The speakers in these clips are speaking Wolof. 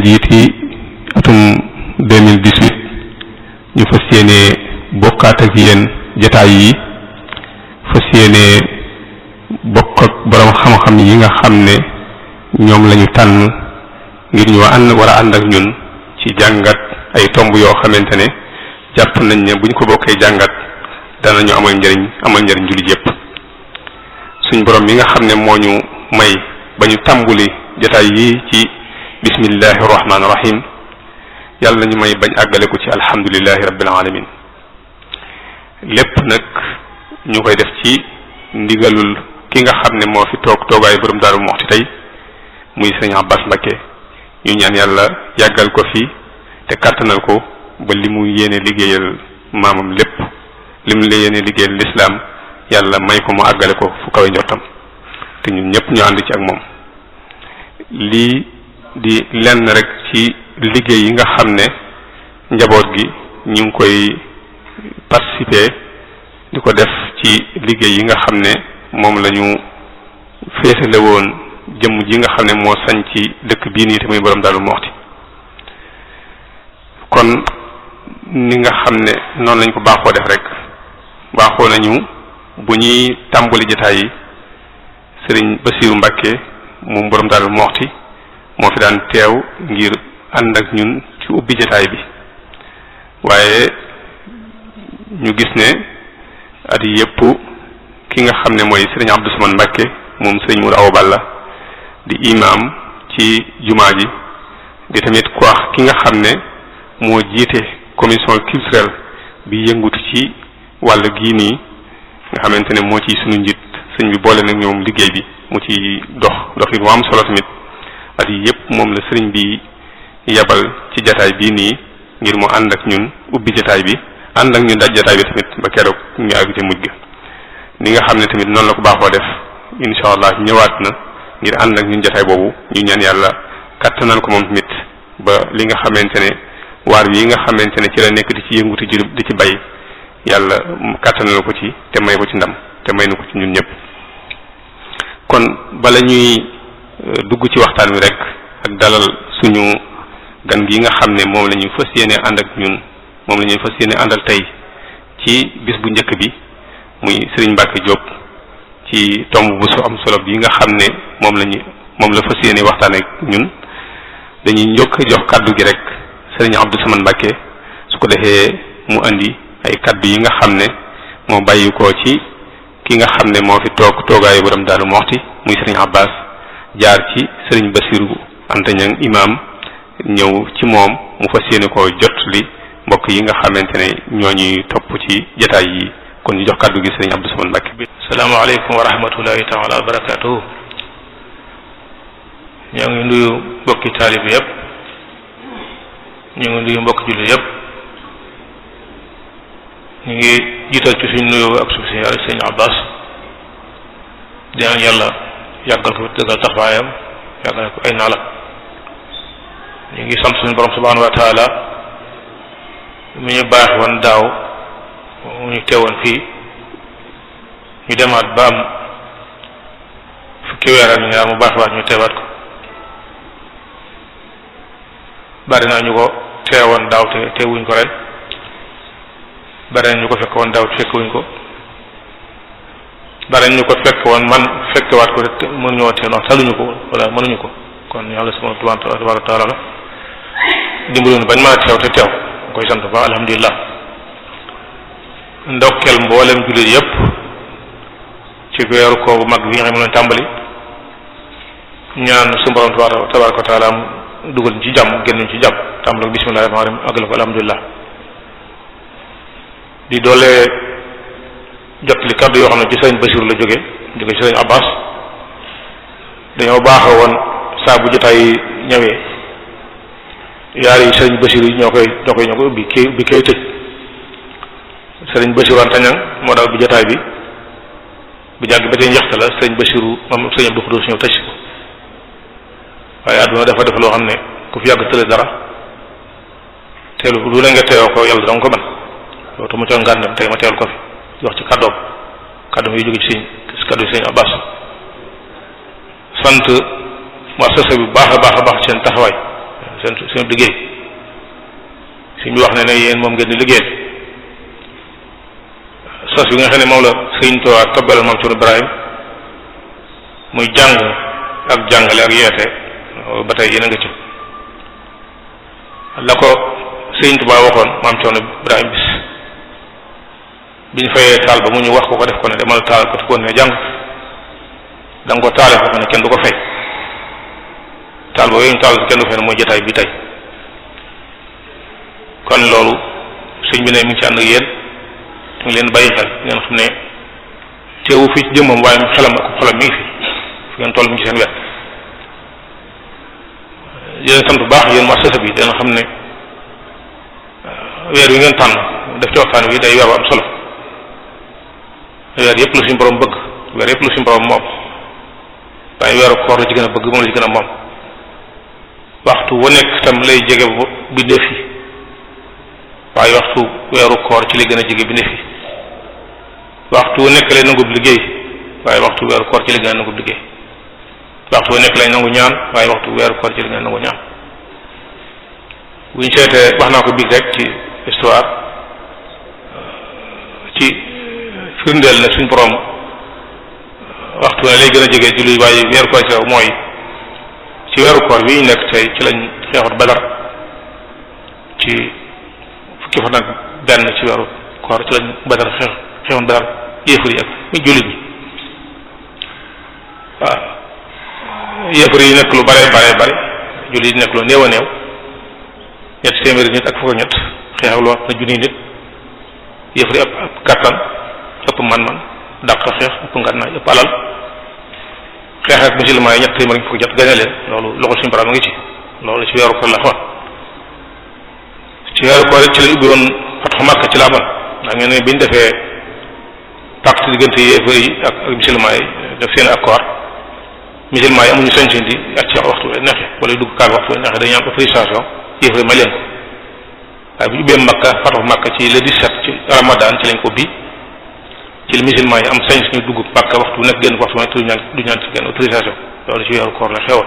njiiti atum 2018 ñu fas yéene bokkaat ak yéen jataay yi fas yéenee bokk boroom borom xam-xam yi nga xam ne ñoom lañu tànn ngir ñu ànd war a ànd ak ñun ci jàngat ay tomb yoo xamante ne jàpp nañ ne buñ ko bokkee jàngat danañu amal njariñ amal njariñ jullit yépp suñ borom yi nga xam ne moo ñu may ba ñu tàmbuli jataay yi ci bismillahi rahmaani rahim yàlla na ñu may bañ àggale ko ci alhamdulilahi rabbil alamin lépp nag ñu koy def ci ndigalul ki nga xam ne moo fi toog toogaayu borom Daaru Muxti tey muy sëñ Abbas Mbakke ñu ñaan yàlla yàggal ko fi te kàttanal ko ba li mu yéene liggéeyal maamam lépp li mu yéene liggéeyal lislaam yàlla may ko mu àggale ko fu kawe njottam te ñun ñëpp ñu ànd ci ak moom lii di lenn rek ci liggéey yi nga xam ne njaboot gi ñu ngi koy participer di ko def ci liggéey yi nga xam ne moom lañu ñu féetale jëmm ji nga xam ne moo sañ ci dëkk bii nii te muy borom Daaru Muxti kon ni nga xam ne noonu lañ ko baaxoo def rek baaxoo nañu bu ñuy tàmbali jotaay yi Sëriñ Basiiru Mbàkke moom borom Daaru Muxti moo fi daan teew ngir ànd ak ñun ci ubbi jataay bi waaye ñu gis ne at yépp ki nga xam ne mooy sëriñ Abdou Samane Mbacke moom sëriñ Mourou Awa Balla di imam ci jumaa ji di tamit ku wax ki nga xam ne moo jiite commission culturelle bi yëngutu ci wàll gii nii nga xamante ne moo ci sunu njiit sëñ bi boole nag ñoom liggéey bi mu ci dox dox it mu am solo tamit at yi yëpp moom la sëriñ bi yabal ci jataay bii nii ngir mu ànd ak ñun ubbi jataay bi ànd ak ñu daj jataay bi tamit ba keroog ñu àgg ci mujj ni nga xam ne tamit noonu la ko baaxoo def incha allah ñëwaat na ngir ànd ak ñun jataay boobu ñu ñaan yàlla kattanal ko moom tamit ba li nga xamante ne waar wi nga xamante ne ci la nekk di ci yënguti ji di ci bay yàlla kattanal ko ci te may ko ci ndam te may na ko ci ñun ñëpp kon bala ñuy Euh, dugg ci waxtaan wi rek ak dalal suñu gan gi nga xam ne moom la ñuy fas yéene ànd ak ñun moom la ñuy fas yéene àndal tey ci bis bu njëkk bi muy Serigne Mbacke Diop ci tomb bu su am solo yi nga xam ne moom la ñu moom la fas yéene waxtaan ak ñun dañuy njokk jox kàddu gi rek Serigne Abdou Samane Mbacke su ko defee mu indi ay kaddu yi nga xam ne moo bàyyi ko ci ki nga xam ne moo fi toog toogaayu borom Daaru Moxti muy Serigne Abbas. jaar ci sëriñ Basiru Anta Ñang imaam ñëw ci moom mu fas yéene ko jot li mbokk yi nga xamante ne ñoo ñuy topp ci jataay yi kon ñu jox kàddu gi sëriñ Abdou Samad Mbacké bi salaamaaleykum wa rahmatullahi taala ñoo ngi nuyu mbokki taalib yépp ñoo ngi nuyu mbokki julli yépp ñu ngi jiital ci suñ nuyoo ak suuf yàlla sëñ Abbas di yàlla yàggal ko fi dëggal taxawaayam yàggal ko ay naalam ñu ngi sant suñu borom subhanahu wa taala mu ñu baax woon daaw mu ñu teewoon fii ñu demaat ba am fukki weer ak ñaar mu baax waat ñu teewaat ko bari na ñu ko teewoon daaw te teewuñ ko ren bari na ñu ko fekk woon daaw te fekkuñ ko dara ñu ko fekk woon man fekkewaat ko te mënuñu woon teen wax taluñu ko wala mënuñu ko kon yàlla sama tabaaraka wa taala la dimbaluñu bañ mën a koy sant ba alhamdulilah ndokkeel mboolem jullit yépp ci mag bi xam tàmbali ñaan su borom tabaaraka dugal ñu ci jàmm génn ñu ci jàmm tàmbali ko bismillahi rahmaani rahim ko alhamdulilah di doole li kaddu yoo xam ne ci sëriñ Bachir la jóge jóge ci sëriñ Abbas dañoo baaxa woon saa bu jotaay yi ñëwee yaar yi sëriñ Bachir yi ñoo koy ñoo koy ñoo koy ubbi kay tëj sëriñ Bachir Antaña moo daal bu jotaay bi bu jàgg ba tey njeexte la sëriñ Bachir moom sëriñ Abdou Khoudoss ñëw tëj ko waaye àdduna dafa def loo xam ne ku fi yàgg tële dara teelu lu la nga teewoo ko yàlla danga ko mën loolu mu ca ngàndam tey ma teel ko fi wax ci kàddoom kaddu yu jóge ci sëñ kaddu yi sëñ Abbas sant muassasa bi baax a baax a baax seen taxawaay seen seen liggéey suñ wax ne ne yéen moom ngeen di liggéeyal sas bi nga xam ne moom la sëñ Tuubaa tobbal moom Cerno Ibrahim muy jàng ak jàngale ak yeete ba tey yéen nga ci la ko sëñ Tuubaa waxoon maam Cerno Ibrahim bis biñ fayee taal ba mu ñu wax ko ko def ko ne demal taal ko ko ne jàng da ko taalee foofu ne kenn du ko fay taal boobu ñu taal kenn du ko fay mooy jotaay bi tey kon loolu sëñ bi ne mi ngi ci ànd ak ngi leen bàyyi xel ngeen ne teewu fii ci jëmmam waaye xelam mi ngi fi fi ngeen toll seen wet yéen sant bu baax yéen muassasa bi dana xam ne weer wi ngeen tànn def ci waxtaan wi day weer bu am solo weer yëpp la suñu borom bëgg weer yëpp la suñu borom moom waaye weeru koor la ci gën a bëgg moom la ci gën a moom waxtu wu nekk tam lay jege bi def yi waaye waxtu weeru koor ci lay gën a jege bi def yi waxtu wu nekk lay nangub liggéey waaye waxtu weeru koor ci lay gën a nangub liggéey waxtu wu nekk lay nangu ñaan waaye waxtu weeru koor ci lay gën a nangu ñaan bu ñu seetee wax naa ko biig rek ci histoire ci firndeel nag suñ borom waxtu ne lay gën a jege julli waaye weeru koor ci mooy ci weeru koor wi ñu nekk tey ci lañ xeexut badar ci fukki fan ak benn ci weeru koor ci lañ badar xeex xeexoon badar yi ak muy jullit ñi waaw yéefar yi nekk lu bare bare bare jullit yi nekk lu néew a néew ñett téeméeri nit ak fukk ñett xeex ak na junni nit yéefar yi ab ab ëpp man-man dàq xeex ëpp ngànnaay ëpp alal xeex ak musulman yi ñett téeméer ñu fukki jot gane leen loolu loxo suñu borom a ngi ci loolu ci weeru koor la xoon ci weeru koor ci la ubbi woon fatxu Makka ci la amoon ndax ngeen bi ñu defee pacte diggante yéefar ak ak musulman yi def seen accord musulman yi amuñu sañ-sañ di ak ci waxtu bi wala dugg kaal waxtu bi neexee dañuy am autorisation yéefar yi may leen ko waaye bu ñu ci le 17 ci Ramadan ci lañ ko bii ci la musulman yi am sañ suñu dugg Makka waxtu nekk génn waxtu nekk du ñaan ci genn autorisation loolu ci weeru koor la xewoon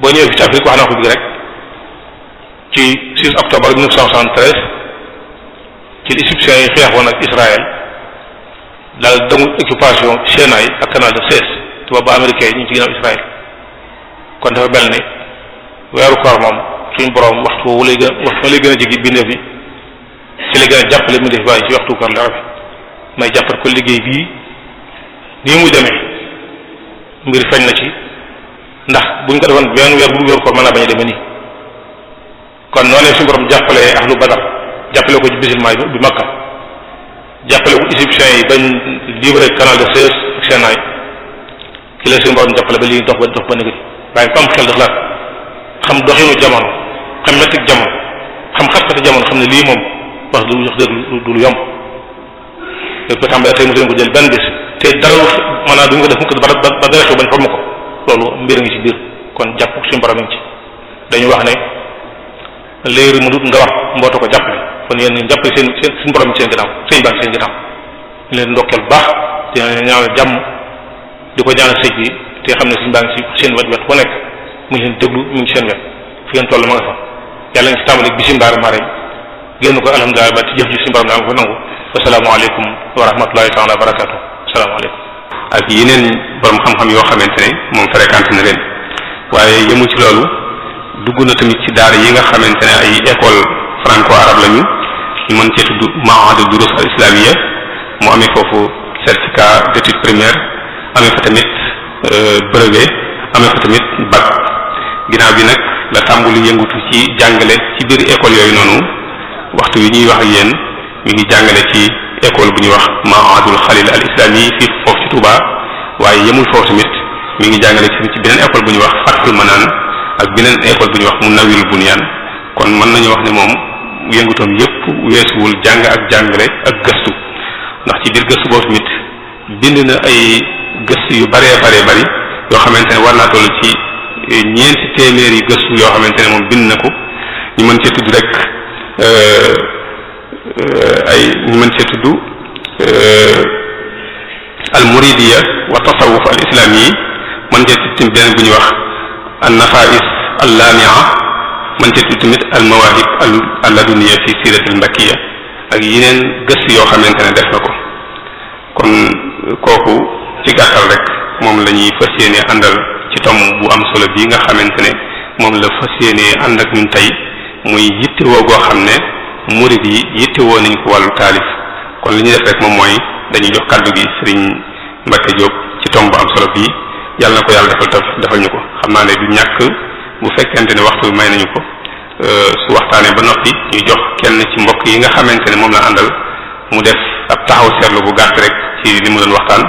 boo ñëwee fi ci Afrique wax na ko bi rek ci 6 octobre 1973 ci li égyptiens yi xeexoon ak Israël daal dangu occupation Sinaï ak canal de Suez te boobu ñu ngi ci ginnaaw Israël kon dafa mel ni weeru koor moom suñu borom waxtu woowu lay gën waxtu lay gën a jigi bindeef bi ci la gën a jàppale bindeef bi waaye ci waxtu koor la may jàppat ko liggéey bii nii mu demee mbir feeñ na ci ndax buñ ko defoon benn weer bu wér ko mën naa bañ a demee nii kon noonee suñu borom jàppalee ahlu badar jàppale ko ci musulmaan bi makka jàppale ko égyptiens yi bañ libre canal de Suez ak Sénaay ki la jàppale ba lii dox ba dox ba négat waaye ku am xel di xalaat xam doxinu jamono xam mettik jamono xam xat-xati jamono xam ne lii moom wax du wax dëgg du lu yomb dañ ko tàmbalee tey mosuñ ko jël benn bés te dara maanaam duñ ko def mukk ba ba dara xew bañ formu ko loolu mbir ngi ci biir kon jàpp suñu borom ngi dañu wax ne léer nga war mbooto ko jàppale kon yéen ñu jàppale seen seen suñu borom seen ginnaaw baa seen ginnaaw ñu leen te xam ne suñu baa seen wet wet ku nekk mu ngi leen déglu mu ngi seen wet fi ngeen toll ma nga fa yàlla nga si tàmbali bi si mbaara maareem génn ko alhamdulilah ba ci jëf ko nangu asalaamaaleykum wa rahmatulahi taala wa barakatu asalaamaaleykum ak yeneen borom xam-xam yoo xamante ne moom fréquente na leen waaye yëmu ci loolu dugg na tamit ci daara yi nga xamante ne ay école franco arabe lañu ñu mën cee tudd maahadu durus al islamia mu amee foofu certificat d'étude primaire amee fa tamit euh, brevet amee fa tamit bac ginnaaw bi nag la tàmbali yëngutu ci jàngale ci biir école yooyu noonu waxtu yi ñuy wax ak yéen mi ngi jàngale ci école bu ñuy wax maadul xalil al islami fii foofu ci Touba waaye yemul foofu tamit mi ngi jàngale ci beneen école bu ñuy wax Fatul Manaan ak beneen école bu ñuy wax mu Munawwirul Bunyan kon mën nañu wax ne moom yëngutoom yépp weesuwul jàng ak jàngale ak gëstu ndax ci biir gëstu boobu tamit bind na ay gëstu yu baree baree bari yoo xamante ne war naa toll ci eh, ñeenti téeméer gëstu yoo xamante ne moom bind na ko ñu mën cee tudd rek eh, Euh, ay ñu mën cee tudd euh, al muridiya wa tasawuf al islam yi mën cee tudd beneen bu ñuy wax an nafais al lamia mën cee tudd tamit al mawahib fi sirat al ak yeneen gëstu yoo xamante ne def na ko kon kooku ci gàttal rek moom lañuy ñuy fas yéene àndal ci tom bu am solo bii nga xamante ne moom la fas yéene ànd ak ñun tey muy yittewoo goo xam ne murid yi yittewoo nañ ko wàllu taalif kon li ñu def rek moom mooy dañuy jox kàddu gi sëriñ Mbacke Diop ci tomb am solo bi yàlla na ko yàlla defal taf defal ñu ko xam naa ne du ñàkk bu fekkente ne waxtu may nañu ko euh, su waxtaanee ba noppi ñu jox kenn ci mbokk yi nga xamante ne moom la àndal mu def ab taxaw seetlu bu gàtt rek ci li mu doon waxtaan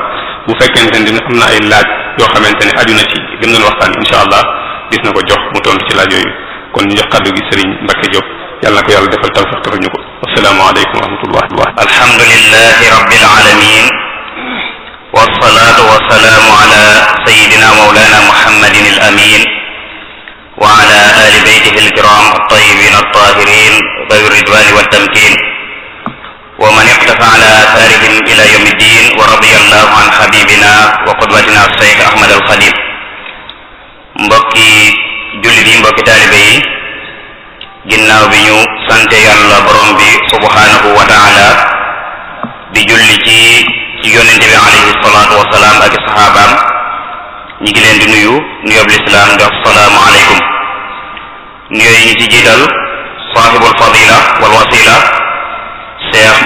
bu fekkente ne am na ay laaj yoo xamante ne aju na ci li mu doon waxtaan incha allah gis na ko jox mu tontu ci laaj yooyu kon ñu kàddu gi sëriñ Mbacke Diop. yàlla na ko yàlla defal tawfiq dafa ñu ko asalaamaaleykum wa rahmatullahi wa alhamdulillahi rabbil alamin wasalaatu wasalaamu ala sayidina mawlana muhammadin al amin wa ala ali beytihi al kiram al tayyibin al tahirin dawi ridwani wa tamkin wa man iqtafa ala atharihim ila yawmi ddin wa radiya allahu an habibina wa qudwatina cheikh ahmad al xadim mbokki jullit yi mbokki taalibe yi ginnaaw bi ñu sante yàlla borom bi wa taala di julli ci ci yonente bi alayhi salaatu wasalaam ak saxaabaam ñi ngi leen di nuyu nuyoob lislaam di wax salaamu aleykum nuyooyu ñi ci jiital sahibul fadila wal wasila cheikh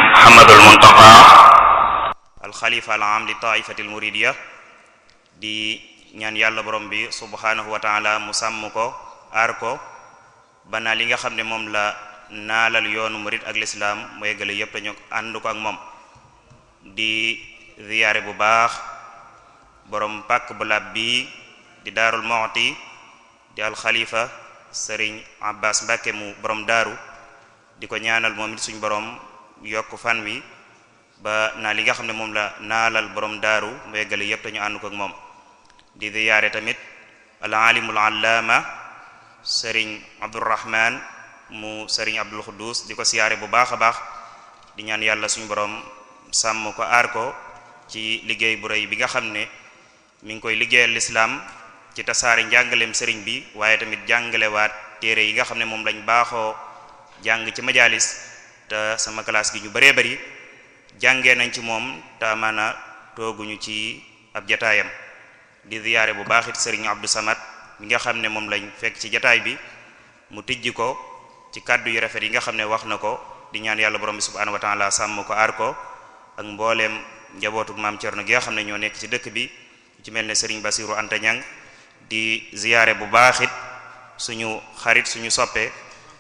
yàlla borom bi subhanahu wa ko ba naa li nga xam ne moom la naalal yoonu murit ak lislaam mu yeggale yépp dañu ànd ko ak moom di ziyaare bu baax borom pàkk bu lab di daarul moxti di alxalifa sëriñ abbas mbàkke mu borom daaru di ko ñaanal moom it suñ boroom yokk fan wi ba naa li nga xam ne moom la naalal borom daaru mu yeggale yépp dañu ànd ko ak moom di ziyaare tamit al alimul allaama sëriñ abdurahman mu sëriñ abdul xuddus di ko siyaare bu baax a baax di ñaan yàlla suñu boroom sàmm ko aar ko ci liggéey bu rëy bi nga xam ne mu ngi koy liggéeyal lislaam ci tasaare njàngaleem sëriñ bi waaye tamit jàngalewaat téere yi nga xam ne moom lañ baaxoo jàng ci majalis te sama classe gi ñu bëree bëri jàngee nañ ci moom te tooguñu ci ab jataayam di ziyaare bu baax sëriñ Abdou Samad mi nga xam ne moom lañ fekk ci jataay bi mu tijj ko ci kàddu yu rafet yi nga xam ne wax na ko di ñaan yàlla borom bi subhanahu wa ta'ala sàmm ko aar ko ak mbooleem njabootuk maam Thierno gi nga xam ne ñoo nekk ci dëkk bi ci mel ne Serigne Bassirou Anta Niang di ziyaare bu baax it suñu xarit suñu soppee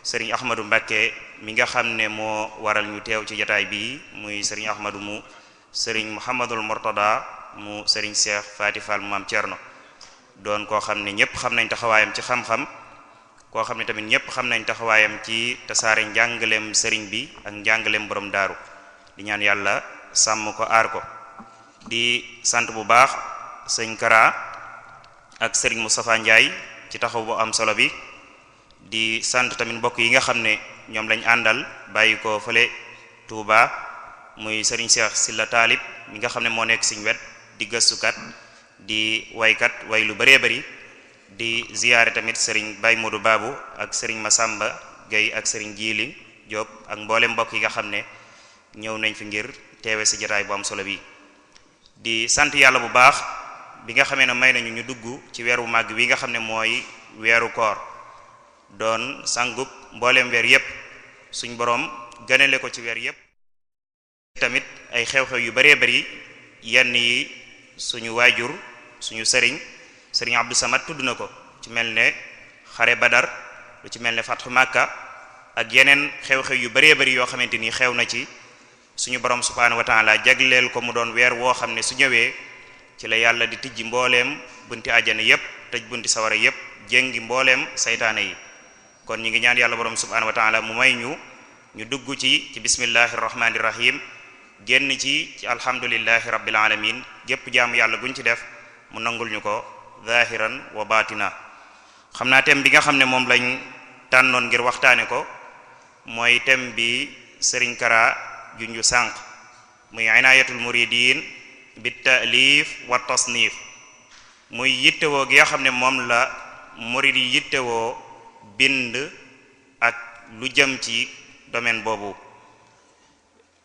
Serigne Ahmadou Mbacké mi nga xam ne moo waral ñu teew ci jataay bii muy Serigne Ahmadou mu Serigne Mouhamadul Mortada mu Serigne Cheikh Fatifal mu maam Thierno doon koo xam ne ñëpp xam nañ taxawaayam ci xam-xam koo xam ne tamit ñëpp xam nañ taxawaayam ci tasaare njàngaleem sëriñ bi ak njàngaleem boroom daaru di ñaan yàlla sàmm ko aar ko di sant bu baax sëñ Kara ak sëriñ mu Moustapha Ndiaye ci taxaw bu am solo bi di sant tamit mbokk yi nga xam ne ñoom lañ àndal bàyyi ko fële Touba muy sëriñ si la Taalib ñi nga xam ne moo nekk siñ wet di gëstukat di waykat way lu bëree bari di ziyaare tamit sëriñ bay Modou Babou ak sëriñ Massamba gay ak sëriñ Jili Diop ak mboolem mbokk yi nga xam ne ñëw nañ fi ngir teewe si jotaay bu am solo bi di sant yàlla bu baax bi nga xamee ne may nañu ñu dugg ci weeru màgg wi nga xam ne mooy weeru koor doon sangub mbooleem weer yépp suñ boroom ganale ko ci weer yépp ay xew yu bëree bëri yenn yi suñu waajur suñu sëriñ sëriñ Abdou Samad tudd na ko ci mel ne xare Badar lu ci mel ne Fathu Makka ak yeneen xew-xew yu bëree bëri yoo xamante ni xew na ci suñu borom subhaanahu wa taala jagleel ko mu doon weer woo xam ne su ñëwee ci la yàlla di tijji mbooleem bunti àjjana yépp tëj bunti sawara yépp jéngi mboolem seytaane yi kon ñu ngi ñaan yàlla borom subhaanahu wa taala mu may ñu ñu dugg ci ci bismillahi rahmaani rahim génn ci ci alhamdulillahi rabbil alamin gépp jaamu yàlla guñ ci def mu nangul ñu ko zahiran wa batina xam naa thème bi nga xam ne moom lañ tànnoon ngir waxtaane ko mooy thème bi Serigne Kara junju sànq muy inayatul muridin bi taalif wa tasnif muy yittewoo gi nga xam ne moom la murid yi yittewoo bind ak lu jëm ci domaine boobu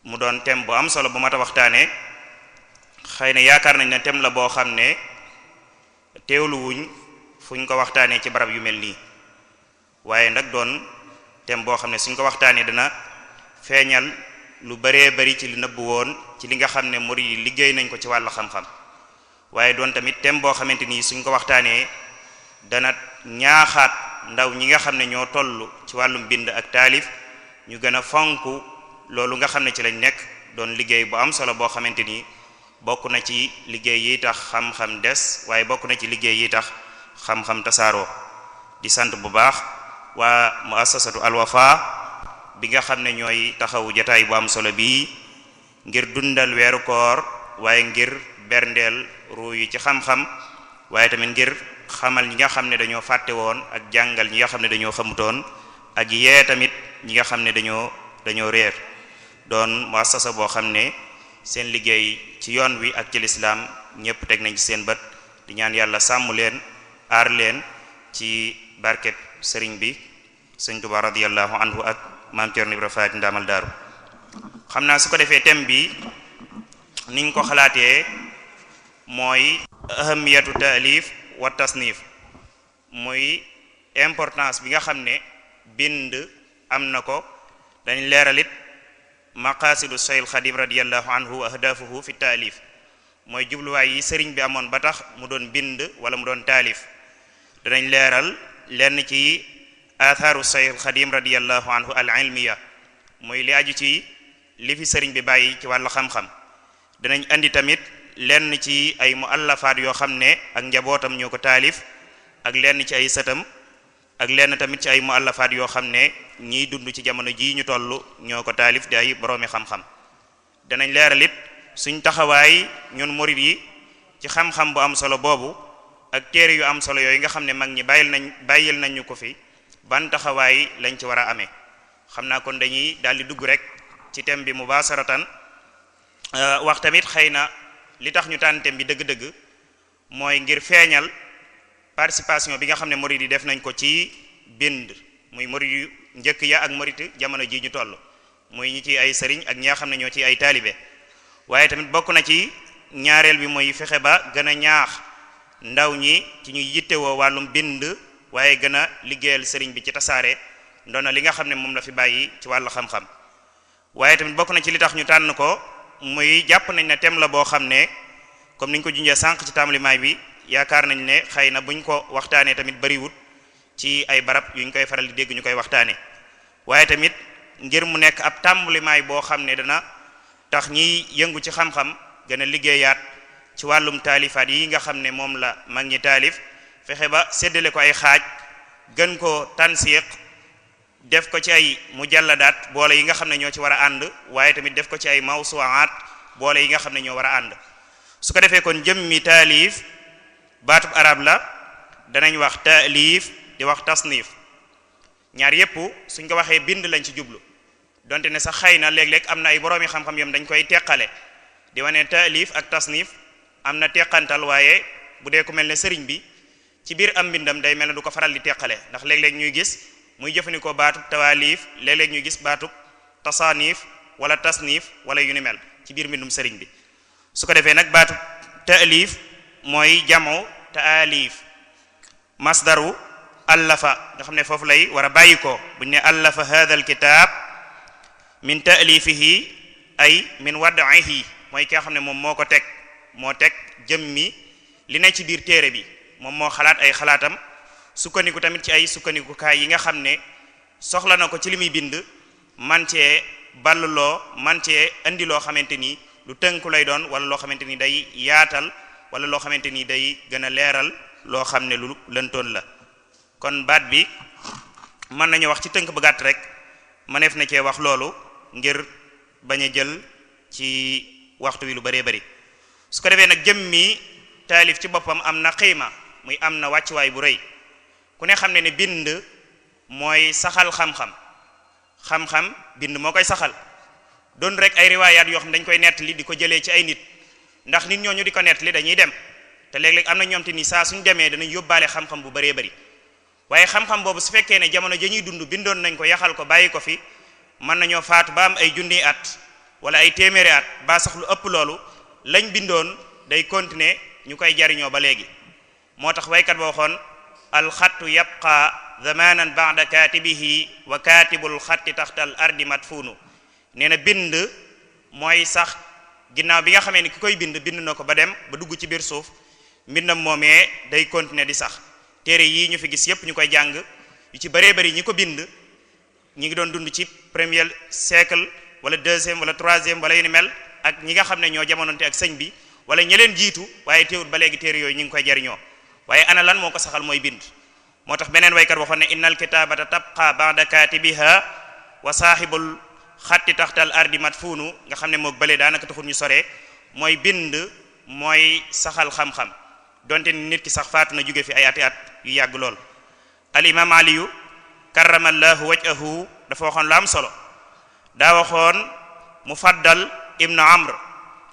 mu doon tem bu am solo bu mat waxtaanee waxtaane xëy na yaakaar nañ ne tem la boo xam ne teewlu wuñ fuñ ko waxtaanee ci barab yu mel nii waaye nag doon thème boo xam ne suñ ko waxtaanee dana feeñal lu baree bari ci li nëbbu woon ci li nga xam ne murid yi liggéey nañ ko ci wàllu xam-xam waaye doon tamit thème boo xamante ni suñ ko waxtaanee dana ñaaxaat ndaw ñi nga xam ne ñoo toll ci wàllum bind ak taalif ñu gën a fonk loolu nga xam ne ci lañ nekk doon liggéey bu am solo boo xamante ni. bokk na ci liggéey yi tax xam-xam des waaye bokk na ci liggéey yi tax xam-xam tasaaroo di sant bu baax waa muassasatu alwafa bi nga xam ne ñooy taxawu jataay bu am solo bii ngir dundal weeru koor waaye ngir berndeel ruu yi ci xam-xam waaye tamit ngir xamal ñi nga xam ne dañoo fàtte woon ak jàngal ñi nga xam ne dañoo xamutoon ak yee tamit ñi nga xam ne dañoo dañoo réer doon muassasa boo xam ne seen liggéey ci yoon wi ak ci lislaam ñëpp teg nañ ci seen bët di ñaan yàlla sàmm leen aar leen ci barkeb sëriñ bi sëñ Tuubaa radiyallahu anhu ak maam Cerno Ibra Faati ndaamal daaru xam naa su ko defee thème bi niñ ko xalaatee mooy ahamiyatu taalif wa tasnif muy importance bi nga xam ne bind am na ko dañ leeralit maqaasidu Seexul Xadiim radiyallahu anhu wa ahdaafuhu fi taalif mooy jubluwaay yi sëriñ bi amoon ba tax mu doon bind wala mu doon taalif danañ leeral lenn ci athaaru Seexul Xadiim radiyallahu anhu al ilmiya mooy li ci lifi fi sëriñ bi bàyyi ci wàllu xam-xam danañ andi tamit lenn ci ay muallafaat yoo xam ne ak njabootam ñoo ko taalif ak lenn ci ay sëtam ak lenn tamit ci ay muallafaat yoo xam ne ñiy dund ci jamono jii ñu toll ñoo ko taalif di ay boroomi xam-xam danañ leeral it suñ taxawaay ñun murid yi ci xam-xam bu am solo boobu ak téere yu am solo yooyu nga xam ne mag ñi bàyyil nañ bàyyil nañ ko fi ban taxawaay lañ ci war a amee xam naa kon dañuy daal di dugg rek ci thème bi mu mubaasaratan euh, wax tamit xëy na li tax ñu tànn thème bi dëgg-dëgg mooy ngir feeñal participation bi nga xam ne murid yi def nañ ko ci bind muy murid yu njëkk ya ak murid jamono ji ñu toll muy ñu ci ay sëriñ ak ñi nga xam ne ñoo ci ay taalibe waaye tamit bokk na ci ñaareel bi mooy fexe ba gën a ñaax ndaw ñi ci ñu yittewoo wàllum bind waaye gën a liggéeyal sëriñ bi ci tasaare ndoona li nga xam ne moom la fi bàyyi ci wàllu xam waaye tamit bokk na ci li tax ñu tànn ko muy jàpp nañ ne thème la boo xam ne comme niñ ko junjee sànq ci tàmbalimaay bi yaakaar nañu ne xëy na buñ ko waxtaanee tamit bariwut ci ay barab yuñ koy faral di dégg ñu koy waxtaane waaye tamit ngir mu nekk ab tàmbalimaay boo xam ne dana tax ñiy yëngu ci xam-xam gën a liggéeyaat ci wàllum taalifaat yi nga xam ne moom la mag ñi taalif fexe ba séddale ko ay xaaj gën ko tansiq def ko ci ay mujalladaat boole yi nga xam ne ñoo ci war a ànd waaye tamit def ko ci ay mawsuwaat boole yi nga xam ne ñoo war a ànd su ko defee kon baatub arab la danañ wax taalif di wax tasnif ñaar yépp suñ ko waxee bind lañ ci jublu donte ne sax xëy na léeg-léeg am na ay boroomi xam-xam yom dañ koy teqale di wane taalif ak tasnif am na teqantal waaye bu dee ku mel ne sëriñ bi ci biir am mbindam day mel ne du ko faral di teqale ndax léeg-léeg ñuy gis muy jëfandikoo baatub tawaalif léeg-léeg ñuy gis baatub tasaanif wala tasnif wala yu ni mel ci biir mbindum sëriñ bi su ko defee taalif masdaru allafa nga xam ne foofu lay war a bàyyi ko buñ ne allafa hadha al kitab min taalifihi ay min wadaihi mooy ki xam ne moom moo ko teg moo teg jëm mi li ne ci biir téere bi moom moo xalaat ay xalaatam sukkandiku tamit ci ay sukkandikukaay yi nga xam ne soxla na ko ci li muy bind man cee balluloo man cee indi loo xamante ni lu tënku lay doon wala loo xamante ni day yaatal wala loo xamante nii day gën a leeral loo xam ne lu lëntoon la kon baat bi mën nañu wax ci tënk bu gàtt rek mëneef na cee wax loolu ngir bañ a jël ci waxtu wi lu bëree bëri su ko defee nag jëm mi taalif ci boppam am na xëyma muy am na wàccuwaay bu rëy ku ne xam ne ne bind mooy saxal xam-xam xam-xam bind moo koy saxal doon rek ay riwaayaat yoo xam dañ koy nettali di ko jëlee ci ay nit ndax nit ñoo ñu di ko nettali dañuy dem te léeg-léeg am na ñoom te ni saa suñ demee danañ yóbbaale xam-xam bu bëree bari waaye xam-xam boobu su fekkee ne jamono ja ñuy dund bindoon nañ ko yaxal ko bàyyi ko fi mën nañoo faatu ba am ay junni at wala ay téeméeri at ba sax lu ëpp loolu lañ bindoon day continuer ñu koy jariñoo ba léegi moo tax waykat ba alxatu alxattu yabqa zamanan ba'da kaatibihi wa kaatibul xatti taxta al ardi madfunu nee na bind mooy sax ginnaaw bi nga xamee ni ku koy bind bind na ko ba dem ba dugg ci biir suuf mbindam moomee day continuer di sax téere yii ñu fi gis yépp ñu koy jàng yu ci bëree bëri ñi ko bind ñi ngi doon dund ci premier siècle wala deuxième wala troisième wala yu ni mel ak ñi nga xam ne ñoo jamononte ak sëñ bi wala ñi jiitu waaye teewul ba léegi téere yooyu ñu ngi koy jariñoo waaye ana lan moo ko saxal mooy bind moo tax beneen waykat waxoon ne innal kitabata tabqa ba'da xatti taxtal ardi madfuunu nga xam ne moo bële daanaka taxul ñu sore mooy bind mooy saxal xam-xam donte ni nit ki sax faatu na jóge fi ay ati at yu yàgg lool al imam aliyu karamallahu wajhahu dafa waxoon lu am solo da waxoon mu faddal ibnu amr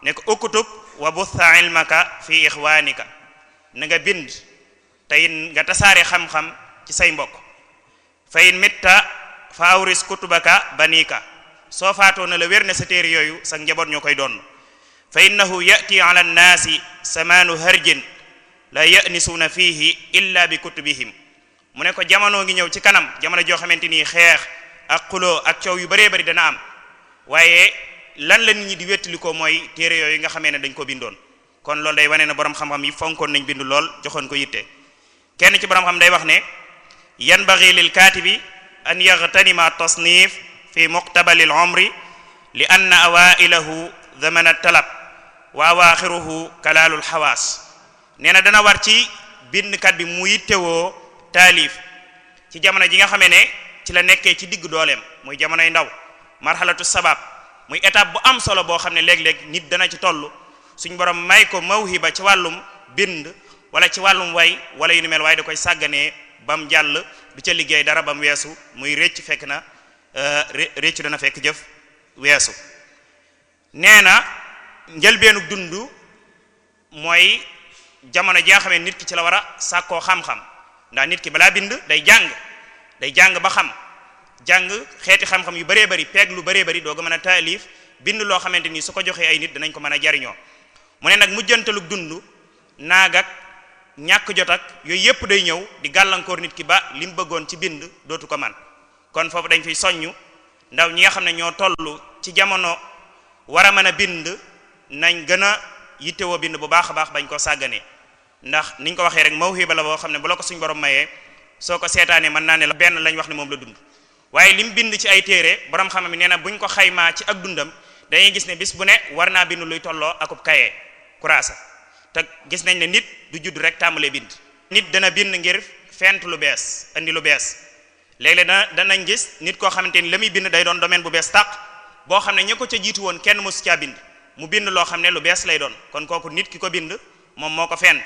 ne ko ukkutub wa butha ilmaka fi ixwanika na nga bind tey nga tasaare xam-xam ci say mbokk fa mitta fa awris kutubaka banika soo faatoon na la wér na sa téere yooyu sa njaboot ñoo koy doon na fa innahu yati ala nnaasi samaanu harjin la yanisuuna fiihi illa bi kutubihim mu ne ko jamono ngi ñëw ci kanam jamono joo xamante ni xeex ak xuloo ak coow yu bëree bëri dana am waaye lan la nit di wettali ko mooy téere yooyu nga xamee ne dañ ko bindoon kon loolu day wane ne borom xam yi fonkoon nañ bindu lool joxoon ko yitte kenn ci borom xam day wax ne yanbaghi lil kaatibi an yaghtanima tasnif fi muqtabali al-umri li an awaa'ilahu zaman at-talab wa awaaxiruhu kalaalu al-xawaas nee na dana war ci bindkat bi mu yittewoo taalif ci jamono ji nga xamee ne ci la nekkee ci digg dooleem muy jamonoy ndaw marxalatu sabab muy étape bu am solo boo xam ne léeg-léeg nit dana ci toll suñ borom may ko mawhiba ci wàllum bind wala ci wàllum way wala yu ni mel waaye da koy sàgganee bam jàll du ca liggéey dara bam weesu muy rëcc fekk na Euh, réccu dana fekk jëf weesu nee na njëlbeenu dund mooy jamono jaaxame nga nit ki ci la war a sàkkoo xam-xam ndax nit ki balaa bind day jàng day jàng ba xam jàng xeeti xam-xam yu baree bari peeg lu baree bari doo ko mën a taalif bind loo xamante ni su ko joxee ay nit danañ ko mën a jariñoo mu ne nag mujjantalug dund naag ñàkk jot ak yooyu yépp day ñëw di gàllankoor nit ki ba li bëggoon ci bind dootu ko man kon foofu dañ fiy soññu ndaw ñi nga xam ne ñoo tollu ci jamono war a mën a bind nañ gën a yittewoo bind bu baax a baax bañ koo sàggane ndax niñ ko waxee rek ba la boo xam ne bu la ko suñ borom mayee soo ko seetaanee mën naa ne la benn lañ wax ne moom la dund waaye lim bind ci ay téere borom xam ne nee na buñ ko xaymaa ci ak dundam dañuy gis ne bis bu ne war naa bind luy tolloo akub kaye kuraasa te gis nañ ne nit du judd rek tàmbalee bind. nit dana bind ngir fent lu bees andi lu bees. léeg-léeg da danañ gis nit koo xamante ni la muy bind day doon domaine bu bees tàq boo xam ne ña ko ca jiitu woon kenn mosu caa bind mu bind loo xam ne lu bees lay doon kon kooku nit ki ko bind moom moo ko fent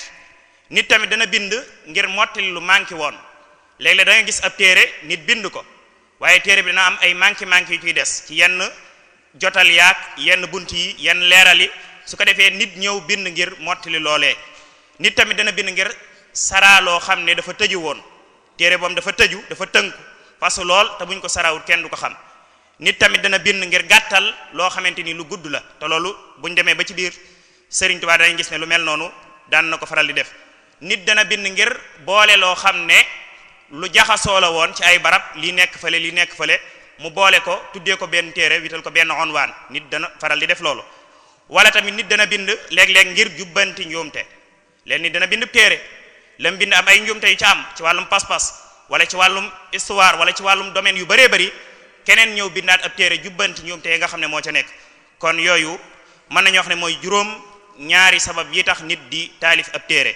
nit tamit dana bind ngir mottali lu manqué woon léeg da gis ab téere nit bind ko waaye téere bi dana am ay manqué manqué yu ciy des ci yenn jotal yaak yenn bunt yi yenn leerali su ko defee nit ñëw bind ngir mottali loolee nit tamit dana bind ngir saraa loo xam ne dafa tëju woon téere boom dafa tëju dafa tënk parce que lool te buñ ko sarawut kenn du ko xam nit tamit dana bind ngir gàttal loo xamante ni lu gudd la te loolu buñ demee ba ci biir Serigne Touba dañuy gis ne lu mel noonu daan na ko faral di def nit dana bind ngir boole loo xam ne lu jaxasoo la woon ci ay barab lii nekk fële lii nekk fële mu boole ko tuddee ko benn téere wital ko benn waan nit dana faral di def loolu wala tamit nit dana bind léeg-léeg ngir jubbanti njuumte leen la mbind am ay njumte yu ca am ci wàllum pas-pas wala ci wàllum histoire wala ci wàllum domaine yu bëree bëri keneen ñëw bindaat ab téere jubbanti njumte yi nga xam ne moo ca nekk kon yooyu mën nañu wax ne mooy juróom ñaari sabab yi tax nit di taalif ab téere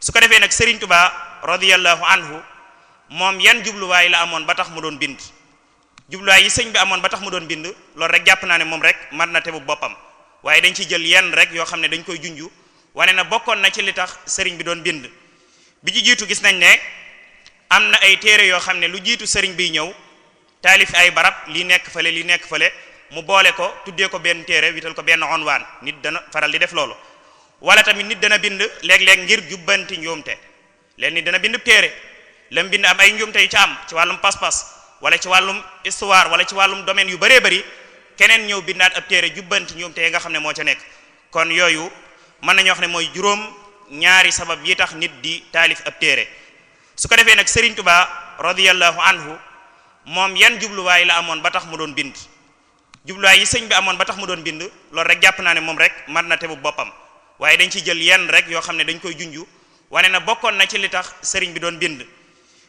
su ko defee nag Serigne Touba radiyallahu anhu moom yan jubluwaay la amoon ba tax mu doon bind jubluwaay yi sëñ bi amoon ba tax mu doon bind loolu rek jàpp naa ne moom rek mën na tebu boppam waaye dañ ci jël yenn rek yoo xam ne dañ koy junju wane na bokkoon na ci li tax sëriñ bi doon bind bi ci jiitu gis nañ ne am na ay téere yoo xam ne lu jiitu sëriñ biy ñëw taalif ay barab li nekk fële li nekk fële mu boole ko tuddee ko benn téere wital ko benn waan nit dana faral di def loolu wala tamit nit dana bind léeg-léeg ngir jubbanti njuumte léeg nit dana bind téere lam bind am ay njuumte yu ca am ci wàllum pas-pas wala ci wàllum histoire wala ci wàllum domaine yu bëree bëri keneen ñëw bindaat ab téere jubbanti njuumte yi nga xam ne moo ca nekk yooyu ñaari sabab yi tax nit di taalif ab téere su ko defee nag Serigne Touba radiyallahu anhu moom yan jubluwaay la amoon ba tax mu doon bind jubluwaay yi sëñ bi amoon ba tax mu doon bind loolu rek jàpp naa ne moom rek mat na te bu boppam waaye dañ ciy jël yenn rek yoo xam ne dañ koy junju wane na bokkoon na ci li tax sëriñ bi doon bind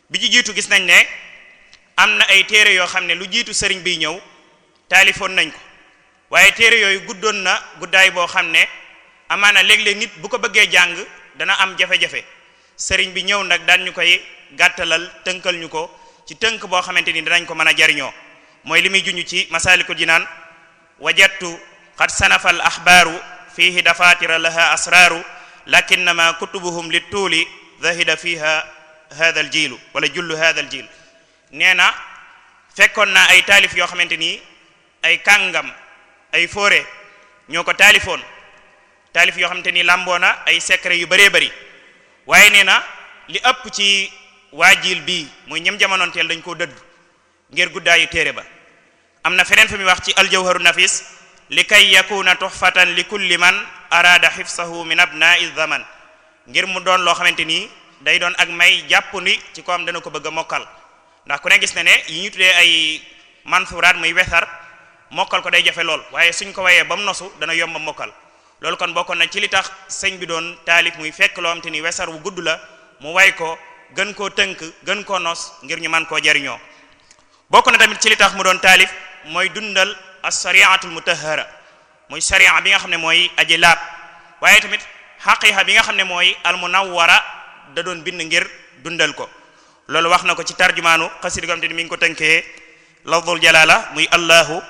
bi ci jiitu gis nañ ne am na ay téere yoo xam ne lu jiitu sëriñ biy ñëw taalifoon nañ ko waaye téere yooyu guddoon na amaana léegi léeg nit bu ko bëggee jàng dana am jafe-jafe sëriñ bi ñëw nag daan ñu koy gàttalal tënkal ñu ko ci tënk boo xamante ni danañ ko mën a jariñoo mooy li muy junj ci masaalikul jinaan wajattu qad sanafa al axbaaru fiihi dafatira laha asraaru lakinnama kutubuhum li tuuli zahida fiha hadha jiilu wala jul hadha jiil nee na fekkoon naa ay taalif yoo xamante ni ay kàngam ay fóore ñoo ko taalifoon taalif yoo xamante ni làmboo na ay secret yu baree bëri waaye nee na li ëpp ci waajil bi muy ñem jamonoonteel dañ koo dëdd ngir guddaayu téere ba am na feneen fi muy wax ci aljawharu nafis li kay yakuna tuhfatan li kulli man araada xifsahu min abnai zaman ngir mu doon loo xamante nii day doon ak may jàpp ni ci ko am dana ko bëgg a mokkal ndax ku ne gis na ne yi ñu tuddee ay mansuraat muy wesar mokkal ko day jafe lool waaye suñ ko wayee ba mu nosu dana yomb a loolu kon bokkoon na ci li tax sëñ bi doon taalif muy fekk loo am ni wesar wu gudd la mu way ko gën koo tënk gën koo nos ngir ñu man koo jariñoo bokk na tamit ci li tax mu doon taalif mooy dundal as-shari'atul mutahhara muy sharia bi nga xam ne mooy aji laab waaye tamit xaqiiqa bi nga xam ne mooy al munawwara da doon bind ngir dundal ko loolu wax na ko ci tarjumaanu xasida gam te ni mi ngi ko tënkee lafdul jalala muy allahu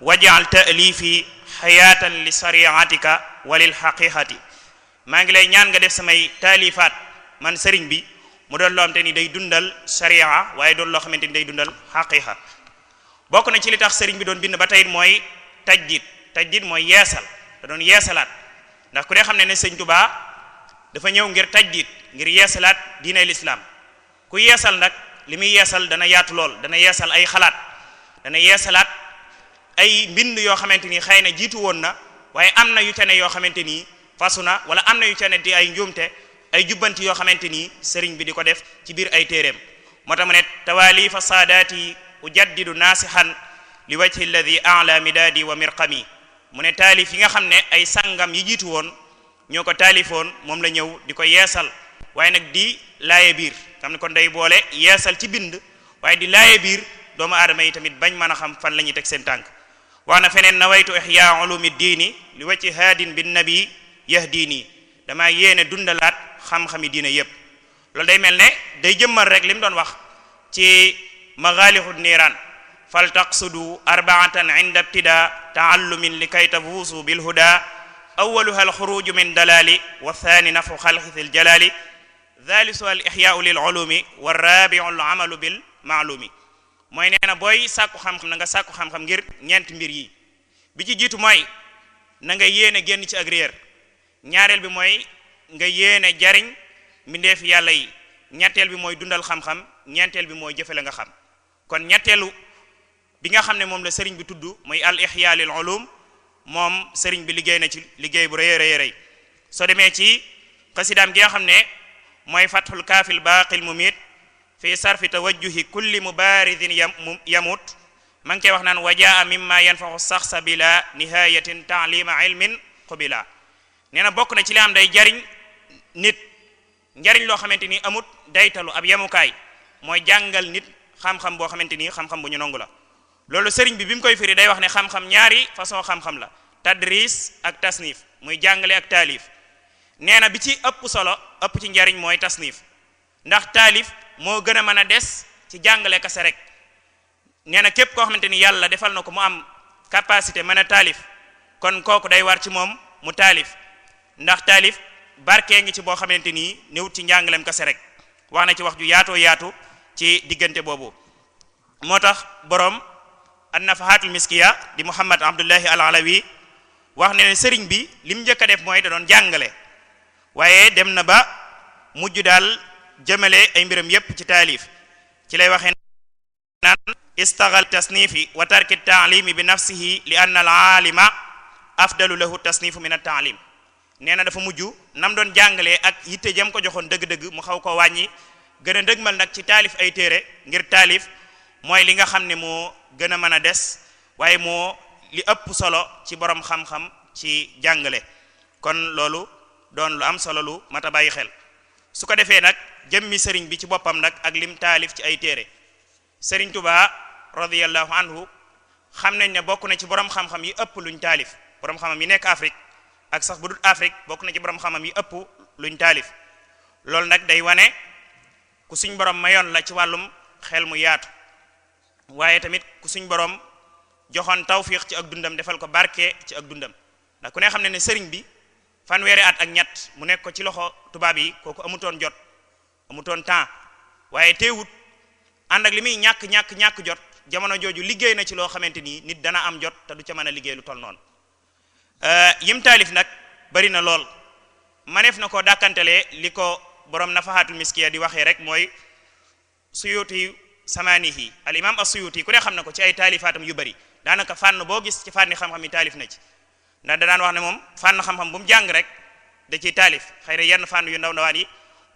waj'al ta'lifi xayaatan li wa walil xaqiqati maa ngi lay ñaan nga def samay taalifaat man sëriñ bi mu doon loo xamante ni day dundal sharia waaye doon loo xamante ni day dundal xaqiqa bokk na ci li tax sëriñ bi doon bind ba tey mooy tajdid tajdid mooy yeesal da doon yeesalaat ndax ku dee xam ne ne sëñ Tuubaa dafa ñëw ngir tajdid ngir yeesalaat diine lislaam ku yeesal nag li muy yeesal dana yaatu lool dana yeesal ay xalaat dana yeesalaat ay mbind yoo xamante ni xëy na jiitu woon na waaye am na yu ca yoo xamante ni fasu na wala am na yu ca ne di ay njuumte ay jubbanti yoo xamante ni sëriñ bi di ko def ci biir ay téeréem moo tax mu ne tawaalifa saadaati ujaddidu naasihan li wajhi alladi ala midaadi wa mirqami mu ne taalif yi nga xam ne ay sangam yi jiitu woon ñoo ko taalifoon moom la ñëw di ko yeesal waaye nag di laaye biir xam ne kon day boole yeesal ci bind waaye di laaye biir doomu aadama yi tamit bañ mën a xam fan la ñuy teg seen tànk wax na feneen nawaytu ihya ulumi diini li wacci haadin bi nabi yahdini damaa yéene dundalaat xam-xami diine yépp day mel ne day jëmmal rek li mu doon wax ci magaalixu niiraan fal taqsudu arbaatan inda ibtida taallumin li kay tafuusu bil huda min dalali wa thani nafu xalqi fi ljalali thalisu lil ulumi wa rabiu al amalu mooy nee na booy sàkku xam-xam na nga sàkku xam ngir ñeenti mbir yi bi ci jiitu mooy na nga yéene génn ci ak ñaareel bi mooy nga yéene jariñ mbindeef yàlla yi ñetteel bi mooy dundal xam-xam ñeenteel bi mooy jëfe la nga xam kon ñetteelu bi nga xam ne moom la sëriñ bi tudd mooy al ihya ulum moom sëriñ bi liggéey na ci liggéey bu rëy rëy rey soo demee ci xasidaam gi nga xam ne mooy fathul kaafil baaqil mumiit fi sarfi tawajjuhi kulli mubaridin yamut ma ngi koy wax naan wajaa mimma yanfaxu saxsa bila nihayatin taalima ilmin qubila nee na bokk na ci li day jariñ nit njariñ loo xamante ni amut daytalu ab yemukaay mooy jàngal nit xam-xam boo xamante ni xam-xam bu ñu nangu la loolu sëriñ bi bi mu koy firi day wax ne xam-xam ñaari façon xam-xam la tadris ak tasnif muy jàngale ak taalif nee na bi ci ëpp solo ëpp ci njariñ mooy tasnif ndax taalif moo gën a mën a des ci jàngale kase rek nee na képp koo xamante ni yàlla defal na ko mu am capacité mën a taalif kon kooku day war ci moom mu taalif ndax taalif barkee ngi ci boo xamante ni néewut ci njàngaleem kase rek wax na ci wax ju yaatoo yaatu ci diggante boobu moo tax boroom an-nafahatul miskiya di Muhammad Abdullahi al-Alawi wax ne ne sëriñ bi lim njëkk a def mooy da doon jàngale waaye dem na ba mujj daal jëmale ay mbiram yépp ci taalif ci lay waxe naan istagal tasnifi wa tarki taalimi bi nafsihi li anna al aalima afdalu lahu tasnifu min at-taalim nee na dafa mujj nam doon jàngalee ak yitte jam ko joxoon dëgg-dëgg mu xaw ko wàññi gën a dëgmal nag ci taalif ay téere ngir taalif mooy li nga xam ne moo gën a mën a des waaye moo li ëpp solo ci boroom xam-xam ci jàngale kon loolu doon lu am solo lu mat a bàyyi xel su ko defee nag jëmmi sëriñ bi ci boppam nag ak lim taalif ci ay téere sëriñ Tuba radiyallahu anhu xam nañ ne bokk na ci borom xam-xam yi ëpp luñ taalif borom xam yi nekk Afrique ak sax bu bokk na ci borom xam yi ëpp luñ taalif loolu nag day wane ku suñ borom mayoon la ci wàllum xel mu yaatu waaye tamit ku suñ borom joxoon tawfiix ci ak dundam defal ko barke ci ak dundam ndax ku ne xam ne ne sëriñ bi fanweeri at ak ñett mu nekk ko ci loxo tubaab yi kooku amutoon jot. amutoon temps waaye teewut ànd ak li muy ñàkk ñàkk ñàkk jot jamono jooju liggéey na ci loo xamante ni nit dana am jot te du ca mën a liggéey lu toll noonu euh, yim taalif nag bari na lool maneef na ko dàkkantelee li ko borom nafahatul miskiya di waxee rek mooy suyuti samaanihi al imam as yi ku ne xam na ko ci ay taalifaatam yu bari daanaka fànn boo gis ci fànni xam-xam yi taalif na ci ndax da wax ne moom fànn xam-xam bu mu jàng rek da ciy na yenn fànn yu ndaw ndawaan yi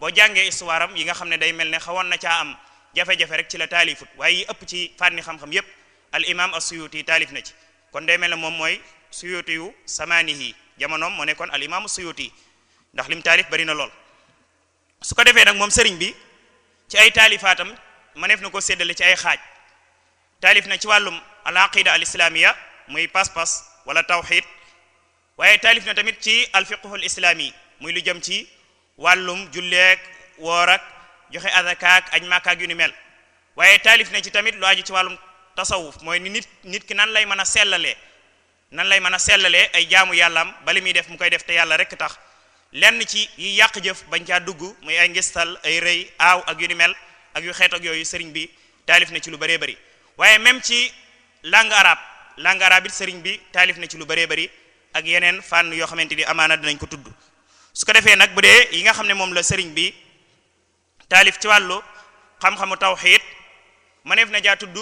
boo jàngee histoire yi nga xam ne day mel ne xawoon na caa am jafe-jafe rek ci la taalifut waaye yi ëpp ci fànni xam-xam yépp al imam as-suyuti taalif na ci kon day mel ne moom mooy suyuti yu samaanihi jamonoom moo nekkoon al imam as-suyuti ndax lim taalif bari na lool su ko defee nag moom sëriñ bi ci ay taalifaatam maneef na ko séddale ci ay xaaj taalif na ci wàllum al aqida al islamiya muy pas-pas wala tawxid waaye taalif na tamit ci al fiqhul islami muy lu jëm ci wàllum julleek woor joxe azakaak aj màkkaak yu ni mel waaye taalif na ci tamit lu aju ci wàllum tasawuf mooy nit nit ki nan lay mën a sellalee nan lay mën a sellalee ay jaamu yàllaam bali muy def mu koy def te yàlla rekk tax lenn ci yi yàq jëf bañ caa dugg muy ay ngistal ay rëy aaw ak yu ni mel ak yu xeet yooyu sëriñ bi taalif na ci lu baree bari waaye même ci langue arabe langue arabe sëriñ bi taalif na ci lu bëree bari ak yeneen fànn yoo xamante ni amaana dinañ ko tudd su ko defee nag bu dee yi nga xam ne moom la sëriñ bi taalif ci wàllu xam-xamu tawxiid mëneef na jaa tudd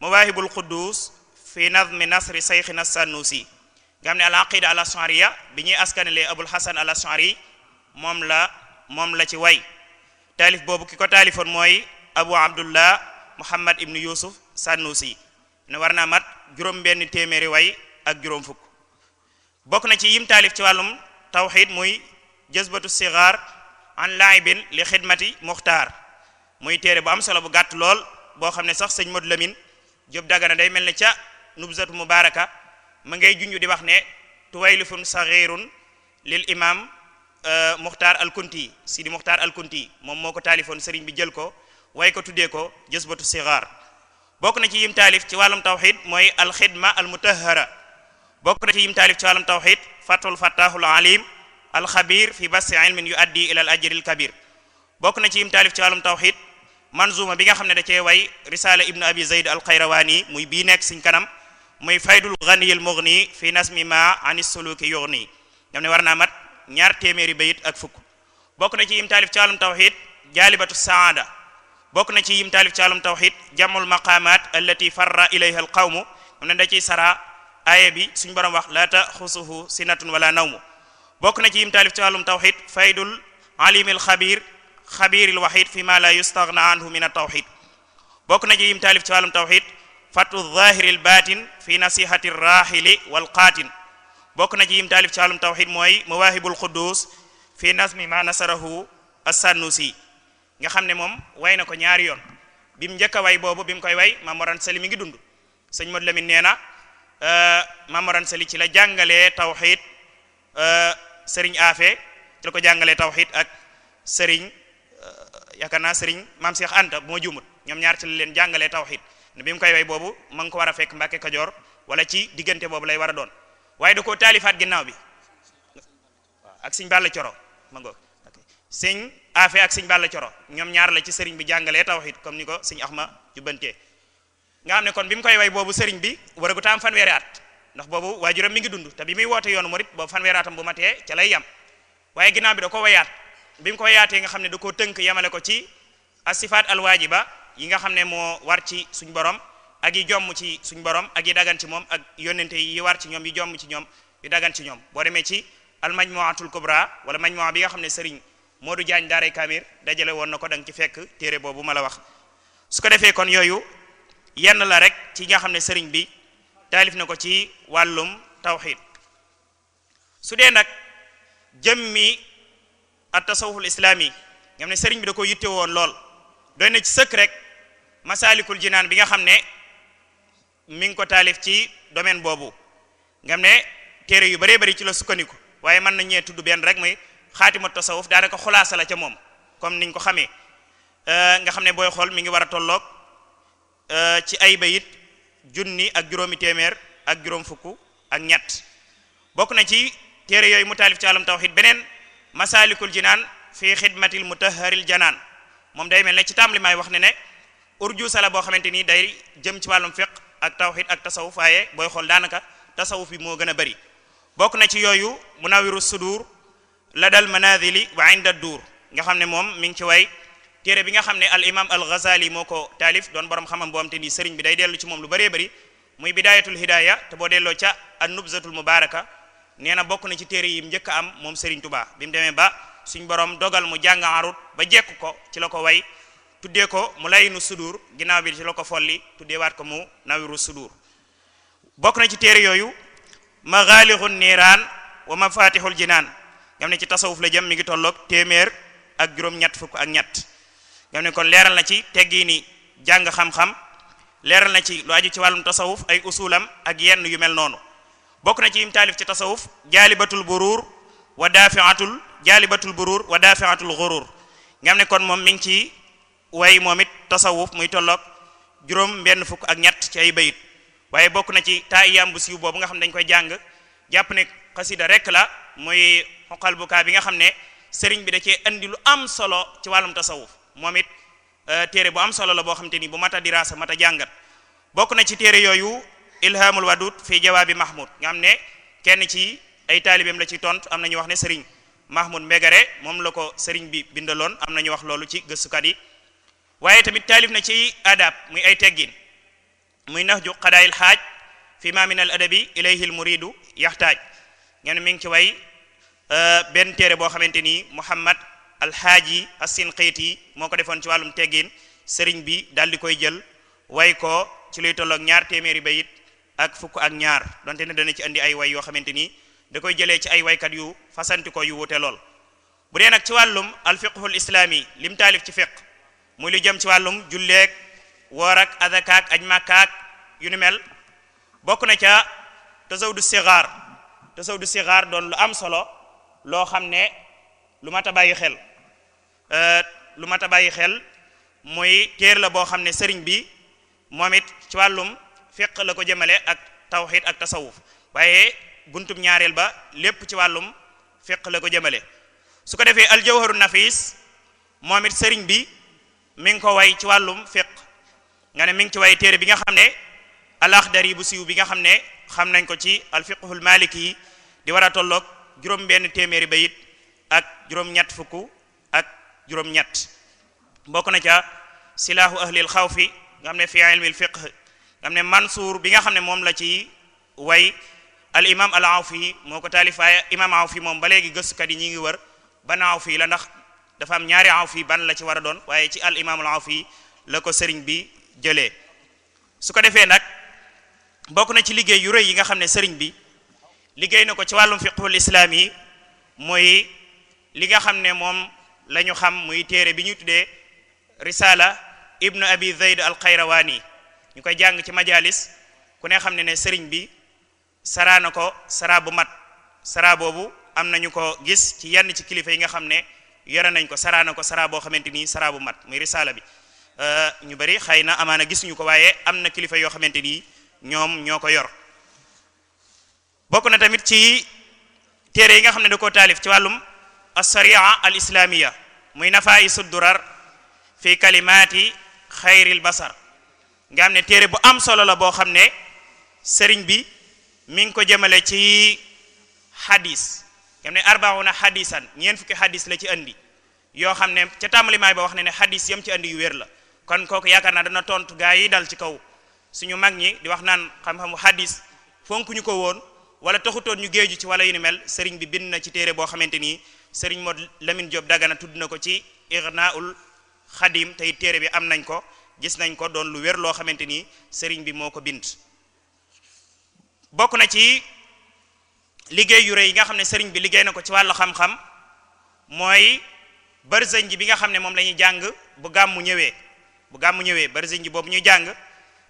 mawaahibul quddus fi nazmi nasri sayxina sanusi nga xam ne al aqida al ashariya bi ñuy askanelee abul hasan al ashari moom la moom la ci way taalif boobu ki ko taalifoon mooy abu abdullah muhammad ibnu yusuf sanusi ne war naa mat juróom benn téeméeri way ak juróom fukk bokk na ci yim taalif ci wàllum tawxid muy jazbatu sigaar an laibin li xidmati muxtaar muy téere bu am solo bu gàtt lool boo xam ne sax sëñ Modou Lamine Diop Dagana day mel ne ca nubzatu mubaraka ma ngay junju di wax ne tuwaylifun saxirun lil imam euh, muxtaar alkunti sidi muxtaar alkunti moom moo ko taalifoon sëriñ bi jël ko way ko tuddee ko jazbatu sigaar bokk na ci yim taalif ci wàllum tawxid mooy alxidma almutahara bokk na ci yim taalif ci wàllum tawxid fatul fattahul alim alxabir fi basti ilmin yu addi ila al ajril kabir bokk na ci im taalif ci wàllum tawxid manzuma bi nga xam ne da cee way risala ibnu abi zayd al xayrawaani muy bii nekk suñ kanam muy faydul ganiyil mughni fi nasmi ma an suluki yughni dam ne war naa mat ñaar téeméeri bayit ak fukk bokk na ci yim taalif ci wàllum tawxid jaalibatu saada bokk na ci yim taalif ci wàllum tawxid jamul maqamat allati farra ilayha al qawmu dam ne da ciy sara aaya bi suñ borom wax la taxusuhu sinatun wala nawmu bokk na ci yim taalif ci wàllum tawxid faydul alimil xabir xabiril waxid fi la yustaghna anhu min bokk na ci yim taalif ci wàllum tawxid fatu zahiril batin fi nasihati rahili wal bokk na ci yim taalif ci wàllum tawxid mooy mawahibul quddus fi nasmi ma nasarahu as-sanusi nga xam ne moom way na ko ñaari yoon bi njëkk a way boobu bi mu koy way Maam Mor mi ngi dund sëñ Modou Lamine nee na euh, Maam Mor Anta ci la jàngalee tawxid euh, sëriñ Afe ci la ko jàngalee tawxid ak sëriñ euh, yaakaar naa sëriñ maam Cheikh Anta bu ma juumut ñoom ñaar ci leen jàngalee tawxid ne bi mu koy way boobu ma ngi ko war a fekk Mbàkke Kajoor wala ci diggante boobu lay war a doon waaye da koo taalifaat ginnaaw bi ak sëñ Balla Coro ma ngoog sëñ Afe ak sëñ Balla Coro ñoom ñaar la ci sëriñ bi jàngalee tawxid comme ni ko sëñ Axma jubbantee nga xam ne kon bi mu koy way boobu sëriñ bi war a at ndax boobu waajuram mi ngi dund te bi muy woote yoonu murit boobu fanweeraatam bu matee ca lay yam waaye ginnaaw bi da ko wayaat bi mu ko wayaatee nga xam ne da koo tënk yemale ko ci asifaat alwaajiba yi nga xam ne moo war ci suñ borom ak yi jomm ci suñ borom ak yi dagan ci moom ak yónnente yi war ci ñoom yi jomm ci ñoom dagan ci ñoom boo demee ci almajmuatul kubra wala majmua bi nga xam ne sëriñ Modou Diagne daaray Kamir dajale woon na ko da nga ci fekk téere boobu ma la wax su ko defee kon yooyu yenn la rek ci nga xam ne sëriñ bi taalif na ko ci wàllum tawxid su dee nag jëmmi at tasawuful islaami nga xam ne sëriñ bi da ko yitte woon lool doy na ci sëkk rek masaalikul jinaan bi nga xam ne mi ngi ko taalif ci domaine boobu ngam ne téere yu bëree bëri ci la sukkandiku waaye mën na ñee tudd benn rek muy xaatima tasawuf daanaka xulaasa la ca moom comme niñ ko xamee nga xam ne booy xool mi ngi war a tolloog eh, ci ay bayit junni ak juróomi téeméer ak juróom fukk ak ñett bokk na ci téere yooyu mu taalif ci alam tawxid beneen masaalikul jinaan fi xidmatil mutahharil janaan moom day mel ne ci taam li may wax ne ne urju sala boo xamante ni day jëm ci wàllum fiq ak tawxid ak tasawuf waaye booy xool daanaka tasawuf bi moo gën a bari bokk na ci yooyu munawiru sudur la dal manazili wa inda duur nga xam ne moom mi ngi ci way téere bi nga xam ne al imam al ghazali moo ko taalif doon borom xamam boo am ni sëriñ bi day dellu ci moom lu bëree bëri muy bidayatul hidaya te boo delloo ca an nubzatul mubaraka nee na bokk na ci téere yi njëkk am moom sëriñ tubaa bi mu demee ba suñ borom dogal mu jàng arut ba jekk ko ci la ko way tuddee ko mu layinu sudur ginnaaw bi ci la ko folli tuddee waat ko mu nawiru sudur bokk na ci téere yooyu magaalixun niiraan wa mafatixul jinaan nga xam ne ci tasawuf la jëm mi ngi tolloog téeméer ak juróom-ñett ñoom ne kon leeral na ci teggi ni jàng xam-xam leeral na ci lu aju ci wàllum tasawuf ay usulam ak yenn yu mel noonu bokk na ci yim taalif ci tasawuf jaalibatul buruur wa daafiatul jaalibatul buruur wa daafiatul ghuruur nga xam ne kon moom mi ngi ci way moom it tasawuf muy tolloog juróom benn fukk ak ñett ci ay bayit waaye bokk na ci taayam bu siiw boobu nga xam ne dañ koy jàng jàpp ne xasida rek la muy xoqal bukaa bi nga xam ne sëriñ bi da cee andi lu am solo ci wàllum tasawuf moom it euh, téere boo am solo la boo xam ni bu mat a diraasa mat a jàngat bokk na ci téere yooyu ilhamul wadud fi jawaabi mahmud nga am ne kenn ci ay taalibeem la ci tontu am na ñu wax ne sëriñ mahmud mbegare moom la ko sëriñ bi bindaloon am na ñu wax loolu ci gëstukat yi waaye tamit taalif na ci adab muy ay teggin muy nax ju xadaayil xaaj fi ma min al adabi ilayhi al muridu yaxtaaj ngeen mi ngi ci way euh, benn téere boo xamante ni muhammad alxaaji as-Sinqiiti moo ko defoon ci wàllum teggin sëriñ bi daal di koy jël way ko ci luy tolloog ñaar téeméeri bayit ak fukk ak ñaar donte ne dana ci andi ay way yoo xamante ni da koy jële ci ay waykat yu fasanti ko yu wute lool bu dee nag ci wàllum alfiqhul islaami lim taalif ci fiq muy lu jëm ci wàllum julleek woor ak adakaak aj màkkaak yu nu mel bokk na ca tasawdu sigaar tasawdu sigaar doon lu am solo loo xam ne lu mat a bàyyi xel euh, lu mat a bàyyi xel muy téer la boo xam ne sëriñ bi moom it ci wàllum fiq la ko jëmale ak tawxid ak tasawuf waaye buntub ñaareel ba lépp ci wàllum fiq la ko jëmale su ko defee aljawharu nafis moom it sëriñ bi mi ngi ko way ci wàllum fiq nga ne mi ngi ci way téere bi nga xam ne alaxdari bu siiw bi nga xam ne xam nañ ko ci alfiqhul maliki yi di war a tolloog juróom benn téeméeri bayit ak juróom-ñett fukk ak juróom-ñett na ca silaahu ahlil xawfi nga xam ne fi ilmil fiqh bi nga xam ne moom la ci way al moo ko taalifaay imam awfi moom ba léegi gëstukat yi ñu ngi war ban awfi la ndax dafa am ñaari awfi ban la ci war a doon waaye ci al imam la ko sëriñ bi jëlee su ko defee nag mbokk na ci liggéey yu rëy yi nga xam ne sëriñ bi liggéey na ko ci wàllum fiqhul islaam yi mooy li nga xam ne moom la xam muy téere bi ñu tuddee risala ibnu abi zayd al xayrawaani ñu koy jàng ci majalis ku ne xam ne ne sëriñ bi saraana ko saraa bu mat saraa boobu am nañu ko gis ci yenn ci kilifa yi nga xam ne yore nañ ko saraa ko saraa boo xamante ni saraa bu mat muy risala bi ñu bari xay na amaana gisuñu ko waaye am na kilifa yoo xamante ni ñoom ñoo ko yor bokk na tamit ci téere yi nga xam ne da koo taalif ci wàllum alsharia al islaamia muy nafaayisu durar fi kalimaati xayril basar nga xam ne téere bu am solo la boo xam ne sëriñ bi mi ngi ko jëmale ci xadis nga xam ne arbauna xadisan ñeen fukki xadis la ci andi yoo xam ne ca tàmbalimaay ba wax ne ne xadis yam ci andi yu wér la kon kooku yaakaar naa dana tontu gaa yi dal ci kaw suñu mag ñi di wax naan xam-xamu xadis fonkuñu ko woon wala taxutoon ñu géeju ci wala yu ni mel sëriñ bi bind na ci téere boo xamante nii sëriñ Mod Lamine Diop Dagana tudd na ko ci Irnaul Xadim tey téere bi am nañ ko gis nañ ko doon lu wér loo xamante ni sëriñ bi moo ko bind bokk na ci liggéey yu rëy yi nga xam ne sëriñ bi liggéey na ko ci wàllu xam-xam mooy barzenji bi nga xam ne moom lañuy jàng bu gàmmu ñëwee bu gàmmu ñëwee barzenji boobu ñuy jàng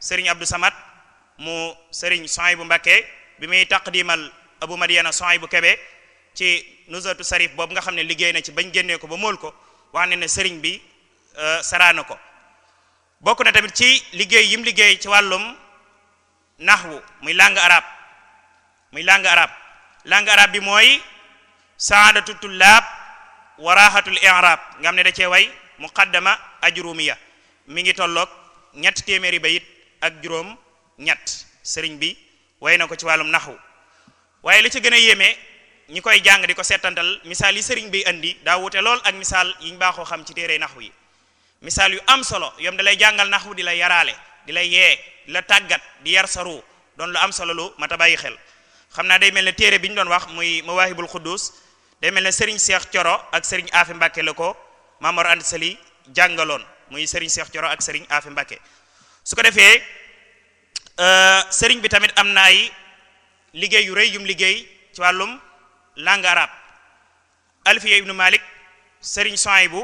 sëriñ Abdou Samad mu sëriñ bu Mbakke bi muy taqdimal Abu Madiana bu Kebe ci nusratu sarif boobu nga xam ne liggéey na ci bañ génnee ko ba mool ko wax ne ne sëriñ bi euh, saraana ko bokk na tamit ci liggéey yim liggéey ci wàllum naxwu muy làng arabe muy langue arabe langue arabe bi mooy saadatu tullaab waraaxatul i'raab nga xam ne da cee way muqaddama ajrumiya mi ngi tollook ñett téeméeri bayit ak juróom ñett sëriñ bi way na ko ci wàllum naxwu waaye li ci gën a yéeme ñi koy jàng di ko seetantal misaal yi sëriñ bi indi daa wute lool ak misaal yi baaxoo xam ci téere naxwu yi misaal yu am solo yom da lay jàngal naxwu di la yaraale di la yee di la tàggat di yar saru doon lu am solo lu mata bàyyi xel xam naa day mel ne téere bi ñu doon wax muy mawaahibul quddus day mel ne sëriñ seex coro ak sëriñ aafi mbàkke la ko Mamor Anta Sali jàngaloon muy sëriñ seex coro ak sëriñ aafi mbàkke su ko defee euh, sëriñ bi tamit am na liggéey yu liggéey ci wàllum langue arabe alfiya ibnu malik sëriñ Sohaybu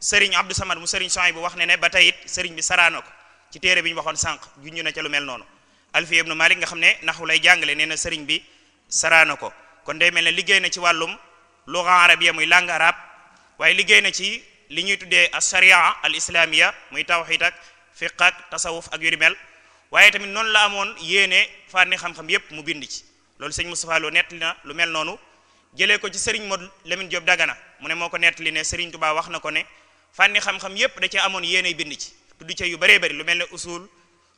sëriñ Abdou Samad mu sëriñ Sohaybu wax ne ne ba tey it sëriñ bi saraano ko ci téere bi ñu waxoon sànq junj na ca lu mel noonu alfiya ibnu malik nga xam ne naxu lay jàngale nee na sëriñ bi saraano ko kon day mel ne liggéey na ci wàllum luga arabiya muy langue arabe waaye liggéey na ci li ñuy tuddee asharia al islamiya muy tawxid ak fiq tasawuf ak yu waaye tamit noonu la amoon yéene fànni xam-xam yépp mu bind ci loolu sëñ Moustapha Lo lu mel noonu jëlee ko ci Serigne moo Lamine Diop daggana mu ne moo ko nettali ne Serigne Touba wax na ko ne fànni xam-xam yépp da cee amoon yéenay bind ci tudd ca yu bëree bëri lu mel ne usul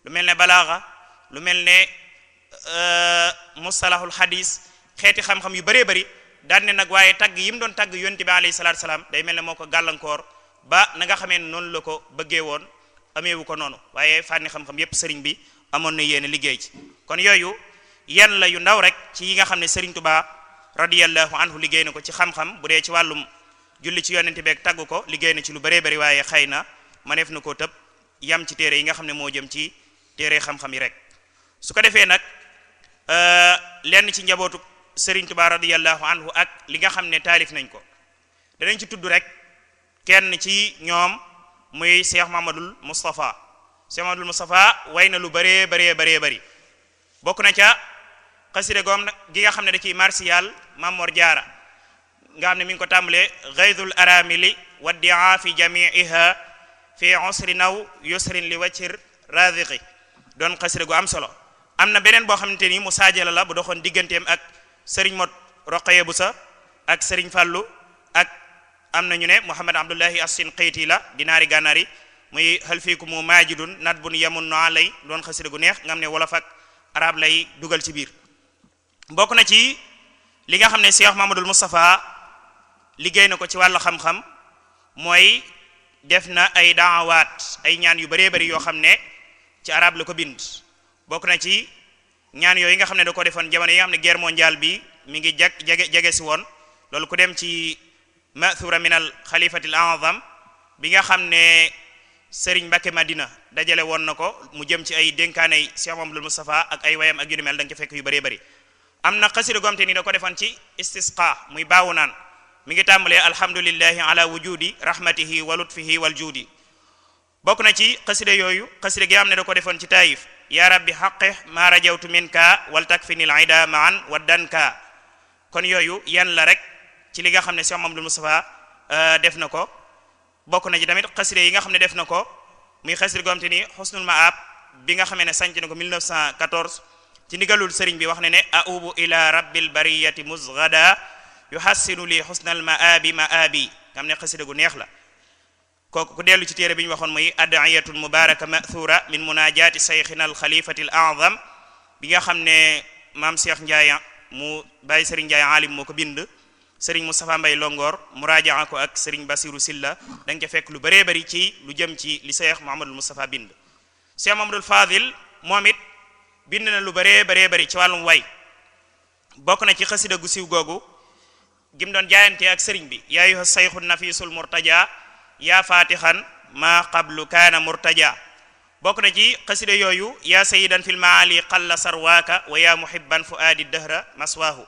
lu mel ne balaaxa lu mel ne euh, mustalahul hadis xeeti xam-xam yu bëree bëri daan ne nag waaye tagg yi mu doon tagg yonte bi alayhi salaatu salaam day mel ne moo ko gàllankoor ba na nga xamee noonu la ko bëggee woon amewu ko noonu waaye fànni xam-xam yépp Serigne bi amoon na yéen liggéey ci kon yooyu yan la yu ndaw rek ci yi radiyallahu anhu liggéey na ko ci xam-xam bu dee ci wàllum julli ci yonente beeg tagg ko liggéey na ci lu bëree bëri waaye xëy na maneef na koo tëb yam ci téere yi nga xam ne moo jëm ci téere xam-xam yi rek su ko defee nag euh, lenn ci njabootu Serigne Touba radiyallahu anhu ak li nga xam ne taalif nañ ko danañ ci tudd rek kenn ci ñoom muy Cheikh Mamadul Moustapha Cheikh Mamadul Moustapha way na lu bëree bëree bëree bari bokk na ca xasida goom nag gi nga xam ne da ciy martial Mamor Jaara nga xam ne mi ngi ko tàmbalee gaydul aramili wa dia fi jamiiha fi usri naw yusrin li waccir raziqi doon xasida gu am solo am na beneen boo xamante ni mu saajala la bu doxoon digganteem ak sëriñ mot roqaye bu sa ak sëriñ fàllu ak am na ñu ne Muhammad Abdullahi Asin Qayti la dinaari gànnaar yi muy hal fiikum maajidun nat bun yamun no alay doon xasida gu neex nga ne wolof ak arab lay dugal ci biir mbokk na ci li nga xam ne Cheikh Mamadul Moustapha liggéey na ko ci wàllu xam-xam mooy def na ay daawaat ay ñaan yu baree bari yoo xam ne ci arab la ko bind bokk na ci ñaan yooyu nga xam ne da ko defoon jamono yi nga xam ne guerre mondiale bi mi ngi jag jege jage si woon loolu ku dem ci mathura min al xalifatil azam bi nga xam ne seriñ Mbacke Madina dajale woon na ko mu jëm ci ay dénkaanay Cheikh Mamadul Moustapha ak ay wayam ak yu ni mel da nga ca fekk yu baree bari am na xasida goo xam da ko defoon ci istisqa muy baaw naan mi ngi tàmbalee alhamdulillahi ala wujudi rahmatihi wa lutfihi wal juudi bokk na ci xasida yooyu xasida gi am ne da ko defoon ci taayif ya rabbi xaqe ma rajawtu minka wal takfini al ida maan wa danka kon yooyu yan la rek ci li nga xam ne Cheikh Mamadou Moustapha euh, def na ko bokk na ci tamit xasida yi nga xam ne def na ko muy xasida goo xam te ni xusnul maab bi nga xamee ne sanc na ko 1914 ci ndigalul sëriñ bi wax ne ne aubu ila rabbil bariyati musgada yuhassinu li husnal maabi maabi xam ne xasida gu neex la kooku ku dellu ci téere bi ñu waxoon muy ad'iyatul mubaraka ma'thura min munajati saykhina al khalifati al a'zam bi nga xam ne maam Cheikh Ndiaye mu bàyyi sëriñ Ndiaye alim moo ko bind sëriñ Moustapha Mbay Longoor muraajaa ko ak sëriñ Basiru Silla da nga ca fekk lu bëree bari ci lu jëm ci li Cheikh Mouhamadul Moustapha bind Cheikh Mouhamadul Fadil bind na lu bare baree bari ci wàllum way bokk na ci xasida gu siiw googu gim doon jaayantee ak sëriñ bi ya yuha sayxu nafisul murtaja yaa fatixan ma qablu kaana murtaja bokk na ci xasida yooyu yaa sayidan fil maali qalla sarwaaka wa yaa muhibban fuaadi dahra maswaahu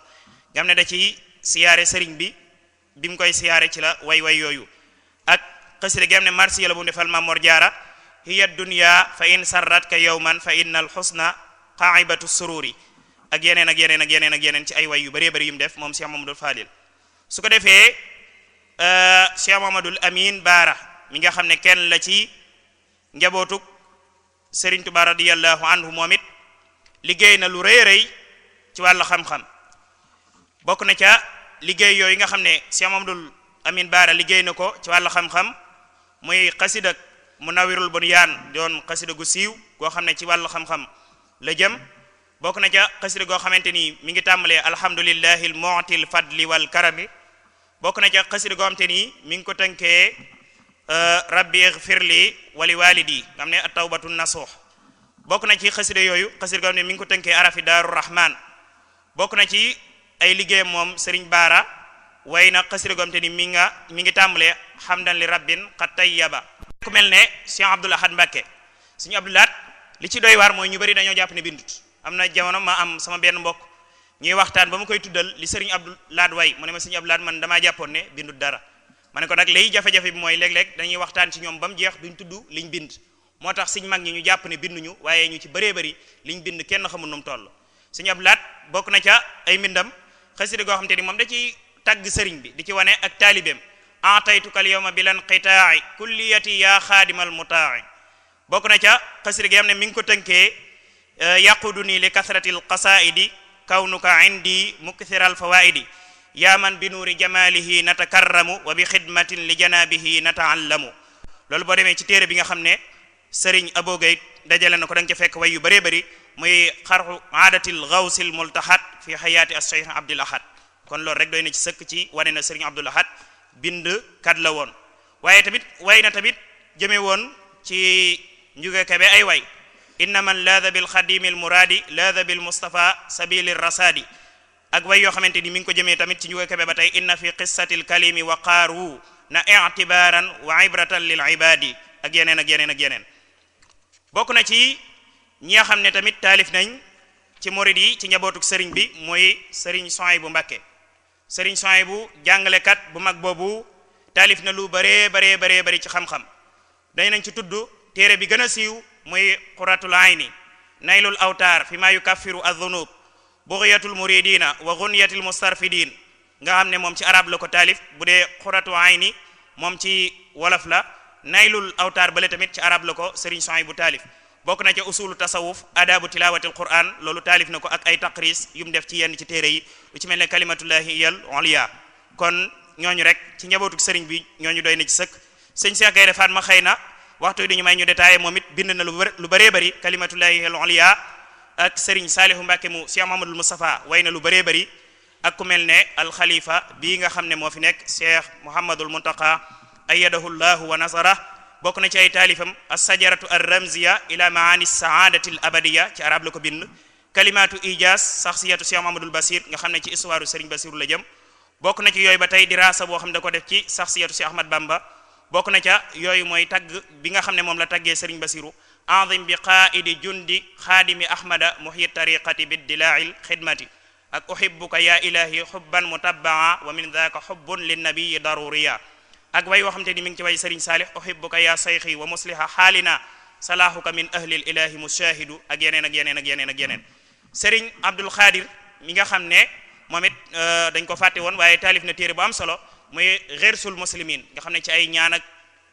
nga xam da ci siyaare sëriñ bi bi mu koy siyaare ci la way way yoyu ak xasida gi am ne marsi bu Jaara hiya dunya fa in sarratka yawman fa innal husna xaaibatu sururi ak yeneen ak yeneen ak yeneen ak yeneen ci ay way yu bëree bëri yu mu def moom Cheikh Mamadou Fadil su ko defee euh, Cheikh Mamadou Amin Baara mi nga xam ne kenn la ci njabootuk Serigne Touba radiyallahu anhu moom it liggéey na lu rëy rëy ci wàllu xam-xam bokk na ca liggéey yooyu nga xam ne Cheikh Mamadou Amin Baara liggéey na ko ci wàllu xam-xam muy xasida Munawwirul Bunyaan doon xasida gu siiw goo xam ne ci wàllu xam-xam la jëm bokk na ca xasida goo xamante ni mi ngi tàmbalee alhamdulillahi al mu'til fadli wal karami bokk na ca xasida goo xamante ni mi ngi ko tënkee euh, rabbi ighfirli wali walidi nga xam ne at-tawbatu nasuh bokk na ci xasida yooyu xasida goo xam mi ngi ko tënkee arafi daaru rahman bokk na ci ay liggéey moom sëriñ baara way na xasida goo xamante ni nga mi ngi tàmbalee hamdan li rabbin qad tayyaba mel ne Cheikh Abdoul Ahad Mbacké suñu Abdoul Ahad li ci doy waar mooy ñu bari dañoo jàpp ne bindut am na jamono ma am sama benn mbokk ñuy waxtaan ba mu koy tuddal li sëriñ Abdou Lahat way mu ne ma sëriñ Abdou Lahat man damaa jàppoon ne bindut dara ma ne ko nag léegi jafe-jafe bi mooy léeg-léeg dañuy waxtaan ci ñoom ba mu jeex duñ tudd liñ bind moo tax sëriñ mag ñi ñu jàpp ne binduñu waaye ñu ci bëree bëri liñ bind kenn xamul nu mu toll ab laat bokk na ca ay mbindam xasida goo xam te ni moom da ciy tagg sëriñ bi di ci wane ak taalibeem ataytuka al yawma bilan qitaa'i kulliyati ya xaadimal mutaa'i bokk na ca xasida gi am ne mi ngi ko tënkee euh, yaqudu nii li kasratil qasaidi kawnuka indi mukthiral fawaidi yaa man bi nuuri jamalihi natakarramu wa bi xidmatin li janabihi nataallamu loolu boo demee ci téere bi nga xam ne sëriñ abogay dajale na ko da ca fekk way yu bëree bëri muy xarxu aadatil gawsil multahat fi xayaati as cheikh abdul ahad kon loolu rek doy na ci sëkk ci wane na sëriñ abdul ahad bind kat la woon waaye tamit way na tamit jëme woon ci njuge kebe ay way inna man laada bil xadimil muraadi laada bil mustafa sabili rasaadi ak way yoo xamante ni mi ngi ko jëmee tamit ci njuge kebe ba tey inna fi qissatil kalimi wa qaaru na i'tibaran wa ibratan lil ibadi ak yeneen ak yeneen ak yeneen bokk na ci ñi nga xam ne tamit taalif nañ ci morid yi ci njabootuk sëriñ bi mooy sëriñ Sohaybu bu Mbàkke sëriñ Sohaybu bu kat bu mag boobu taalif na lu baree baree baree bari ci xam-xam dañ nañ ci tudd téere bi gën a siiw muy quratul ayni naylul awtaar fi ma yukaffiru adh-dhunub bughyatul muridina wa ghunyatil mustarfidin nga xam ne moom ci arab la ko taalif bu dee quratu ayni moom ci wolof la naylul awtaar bale tamit ci arab la ko sëriñ soy bu taalif bokk na ca usulu tasawuf adabu tilawatil quran loolu taalif na ko ak ay taqris yum def ci yenn ci téere yi lu ci mel ne kalimatullahi yal oliya kon ñooñu rek ci njabootuk sëriñ bi ñooñu doy na ci sëkk sëñ Cheikh Gaynde na waxtu yi duñu may ñu détaillé moom it bind na lu bëree bëri kalimatullahi al-ulya ak Serigne Salihu Mbacke mu Cheikh Mahamadul Moustapha way na lu bëree bëri ak ku alxalifa bii nga xam ne moo fi nekk Cheikh Mouhamadul Muntaqa ayyadahu llahu wa nasara bokk na ci ay taalifam as-sajaratu ar-ramziya ila maani saadati al abadiya ci arab la ko bind kalimatu ijaas saxsiyatu Cheikh Mouhamadul Basir nga xam ne ci histoire Serigne Basiru la jëm bokk na ci yooyu ba tey diraasa boo xam ne da ko def ci saxsiyatu Cheikh Ahmad Bamba bokk na ca yooyu mooy tagg bi nga xam ne moom la taggee sëriñ basiru enzim bi qaidi jundi xaadimi ahmada muhyi tariqati bi dilail xidmati ak uhibbuka ya ilahi hubban mutabaa wa min dhaka hubbun linnabiyi daruriya ak way woo xam te ni mi ngi ci way sëriñ saalix uhibbuka ya sayxi wa musliha xaalina salaahuka min ahlil ilahi mushahidu ak yeneen ak yeneen ak yeneen ak yeneen sëriñ abdul xaadir mi nga xam ne moom it euh, dañ ko fàtte woon waaye taalif na téere bu am solo muy xersul muslimin nga xam ne ci ay ñaan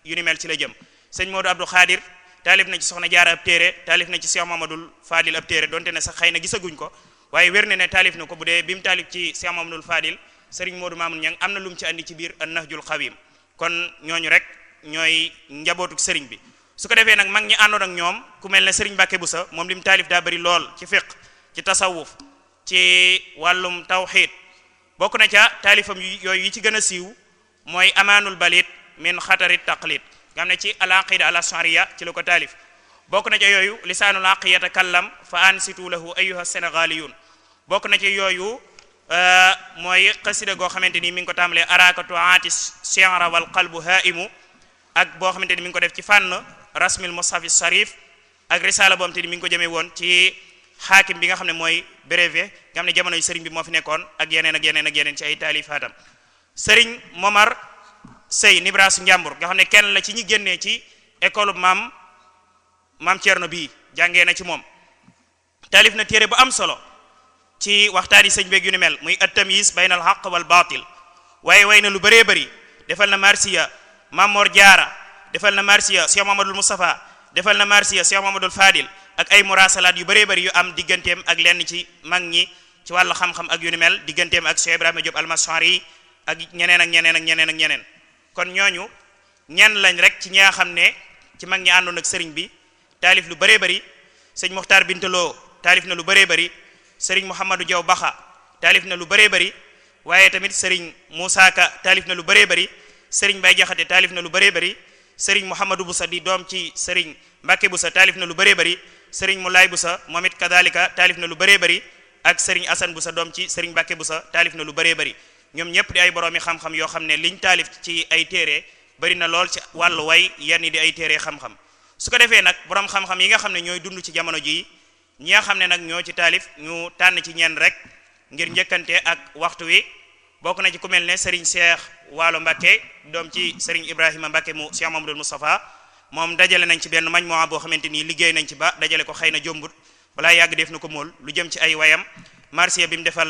yu ni mel ci la jëm sëñ Modou Abdou Khadir taalif na ci soxna jaara ab téere taalif na ci Cheikh Mamadou Fadil ab téere donte ne sax xëy na gisaguñ ko waaye wér na ne taalif na ko bu dee bi mu taalif ci Cheikh Mamadou Fadil sëriñ Modou Mamoun Niang am na lu mu ci andi ci biir an-Nahjul Xawim kon ñooñu rek ñooy njabootuk sëriñ bi su ko defee nag mag ñi àndoon ak ñoom ku mel ne sëriñ Mbàkke Buso moom li mu taalif daa bëri lool ci fiqh ci tasawuf ci wàllum tawxiid bokk na ca taalifam yooyu yi ci gën a siiw mooy amaanul balit min xatarit taqlid nga ne ci al aqida al ashariya ci la ko taalif bokk na ca yooyu lisaanul aqi yatakallam fa ansitu lahu ayyuha sénégaliyun bokk na ca yooyu euh, mooy xasida goo xamante ni mi ngi ko tàmbalee arakatu aatis shi'ra wal qalbu haimu ak boo xamante ni mi ngi ko def ci fànn rasmil mushaf sarif ak risala boo xamante mi ngi ko jëmee woon ci xaakim bi nga xam ne mooy brevet nga xam ne jamono sëriñ bi moo fi nekkoon ak yeneen ak yeneen ak yeneen ci ay taalifaatam sëriñ Momar Sey Nibras Njàmbur nga xam ne kenn la ci ñi génnee ci école maam maam Thierno bi jàngee na ci moom taalif na téere bu am solo ci waxtaan yi sëñ beeg yu ni mel muy at-tamyiz bayna al-haqq wal baatil waaye way na lu bëree bëri defal na marsiya Mamor Diarra defal na marsiya Cheikh Mamadou Moustapha defal na marsiya Cheikh Mamadou Fadil ak ay murasalaat yu bëree bari yu am digganteem ak lenn ci mag ñi ci wàllu xam-xam ak yu ni mel digganteem ak Cheikh Ibrahima Diop al-Mashari ak ñeneen ak ñeneen ak ñeneen ñeneen kon ñooñu ñenn lañ rek ci ñi xam ne ci mag ñi àndoon ak sëriñ bi taalif lu bëree bari sëñ Muxtaar Bintaloo taalif na lu bëree bari sëriñ Mouhamadou Diaw Baxa taalif na lu bëree bari waaye tamit sëriñ Moussa Ka taalif na lu bëree bari sëriñ Baye Jaxate taalif na lu bëree bëri sëriñ Mouhamadou Boussa di doom ci sëriñ Mbàkke sa taalif na lu bëree bëri sëriñ bu Busa moom it kadalika taalif na lu bëree bari ak sëriñ Asan sa doom ci sëriñ Mbàkke Busa taalif na lu bëree bari ñoom ñëpp di ay boroomi xam-xam yoo xam ne liñ taalif ci ay téere bari na lool ci wàllu way yenn di ay téere xam-xam su ko defee nag borom xam-xam yi nga xam ne ñooy dund ci jamono jii ñi xam ne nag ñoo ci taalif ñu tànn ci ñenn rek ngir njëkkante ak waxtu wi bokk na ci ku mel ne sëriñ Cheikh Waalo Mbàkke doom ci sëriñ Ibrahima Mbàkke mu Cheikh moom dajale nañ ci benn mañ moo boo xamante nii liggéey nañ ci ba dajale ko xëy na jombut walaa yàgg def na ko mool lu jëm ci ay wayam marsiya bi mu defal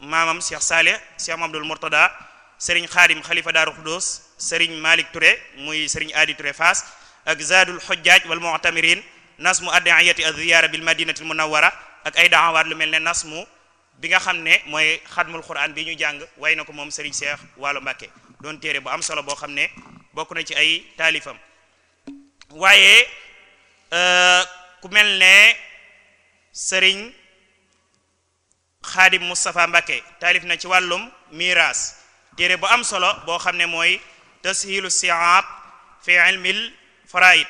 maamam Cheikh Saleh Cheikh Abdul Murtada Serigne Khadim Khalifa Darou Khoudoss Serigne Malick Touré muy Serigne Adi Touré Fass ak Zadul Hujjaj wal Mu'tamirin nasmu ad'iyati az-ziyara bil madinati al-munawwara ak ay daawaat lu mel ne nasmu bi nga xam ne mooy xatmul quran bi ñu jàng way na ko moom Serigne Cheikh Waalo Mbacke doon téere bu am solo boo xam ne bokk na ci ay taalifam. waaye euh, ku mel ne sëriñ xaadim Moustapha Mbakke taalif na ci wàllum miiras téere bu am solo boo xam ne mooy tashilu siab fi ilmil faraid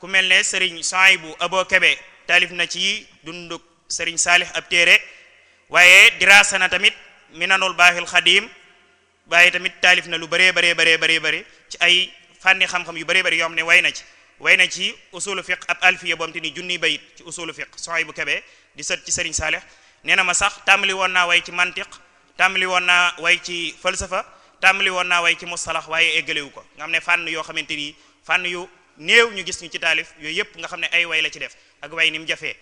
ku mel ne sëriñ Sohaybu Abo Kebe taalif na ci dunduk sëriñ Saalih ab téere waaye diraasa na tamit minanul baaxil xadim waaye tamit taalif na lu bëree bëree bëree bëree bëri ci ay fànni xam-xam yu bare bëri yoom xam ne way na ci way na ci usulu fiq ab alfiya boo am te ni junniy bayit ci usulu fiq soxay bu kebe di sët ci sëriñ saalix nee na ma sax tàmbali woon naa way ci mantiq tàmbali woon naa way ci falsafa tàmbali woon naa way ci mustalax waaye eggalewu ko nga xam ne fànn yoo xamante ni fànn yu néew ñu gis ñu ci taalif yooyu yëpp nga xam ne ay way la ci def ak way ni mu jafee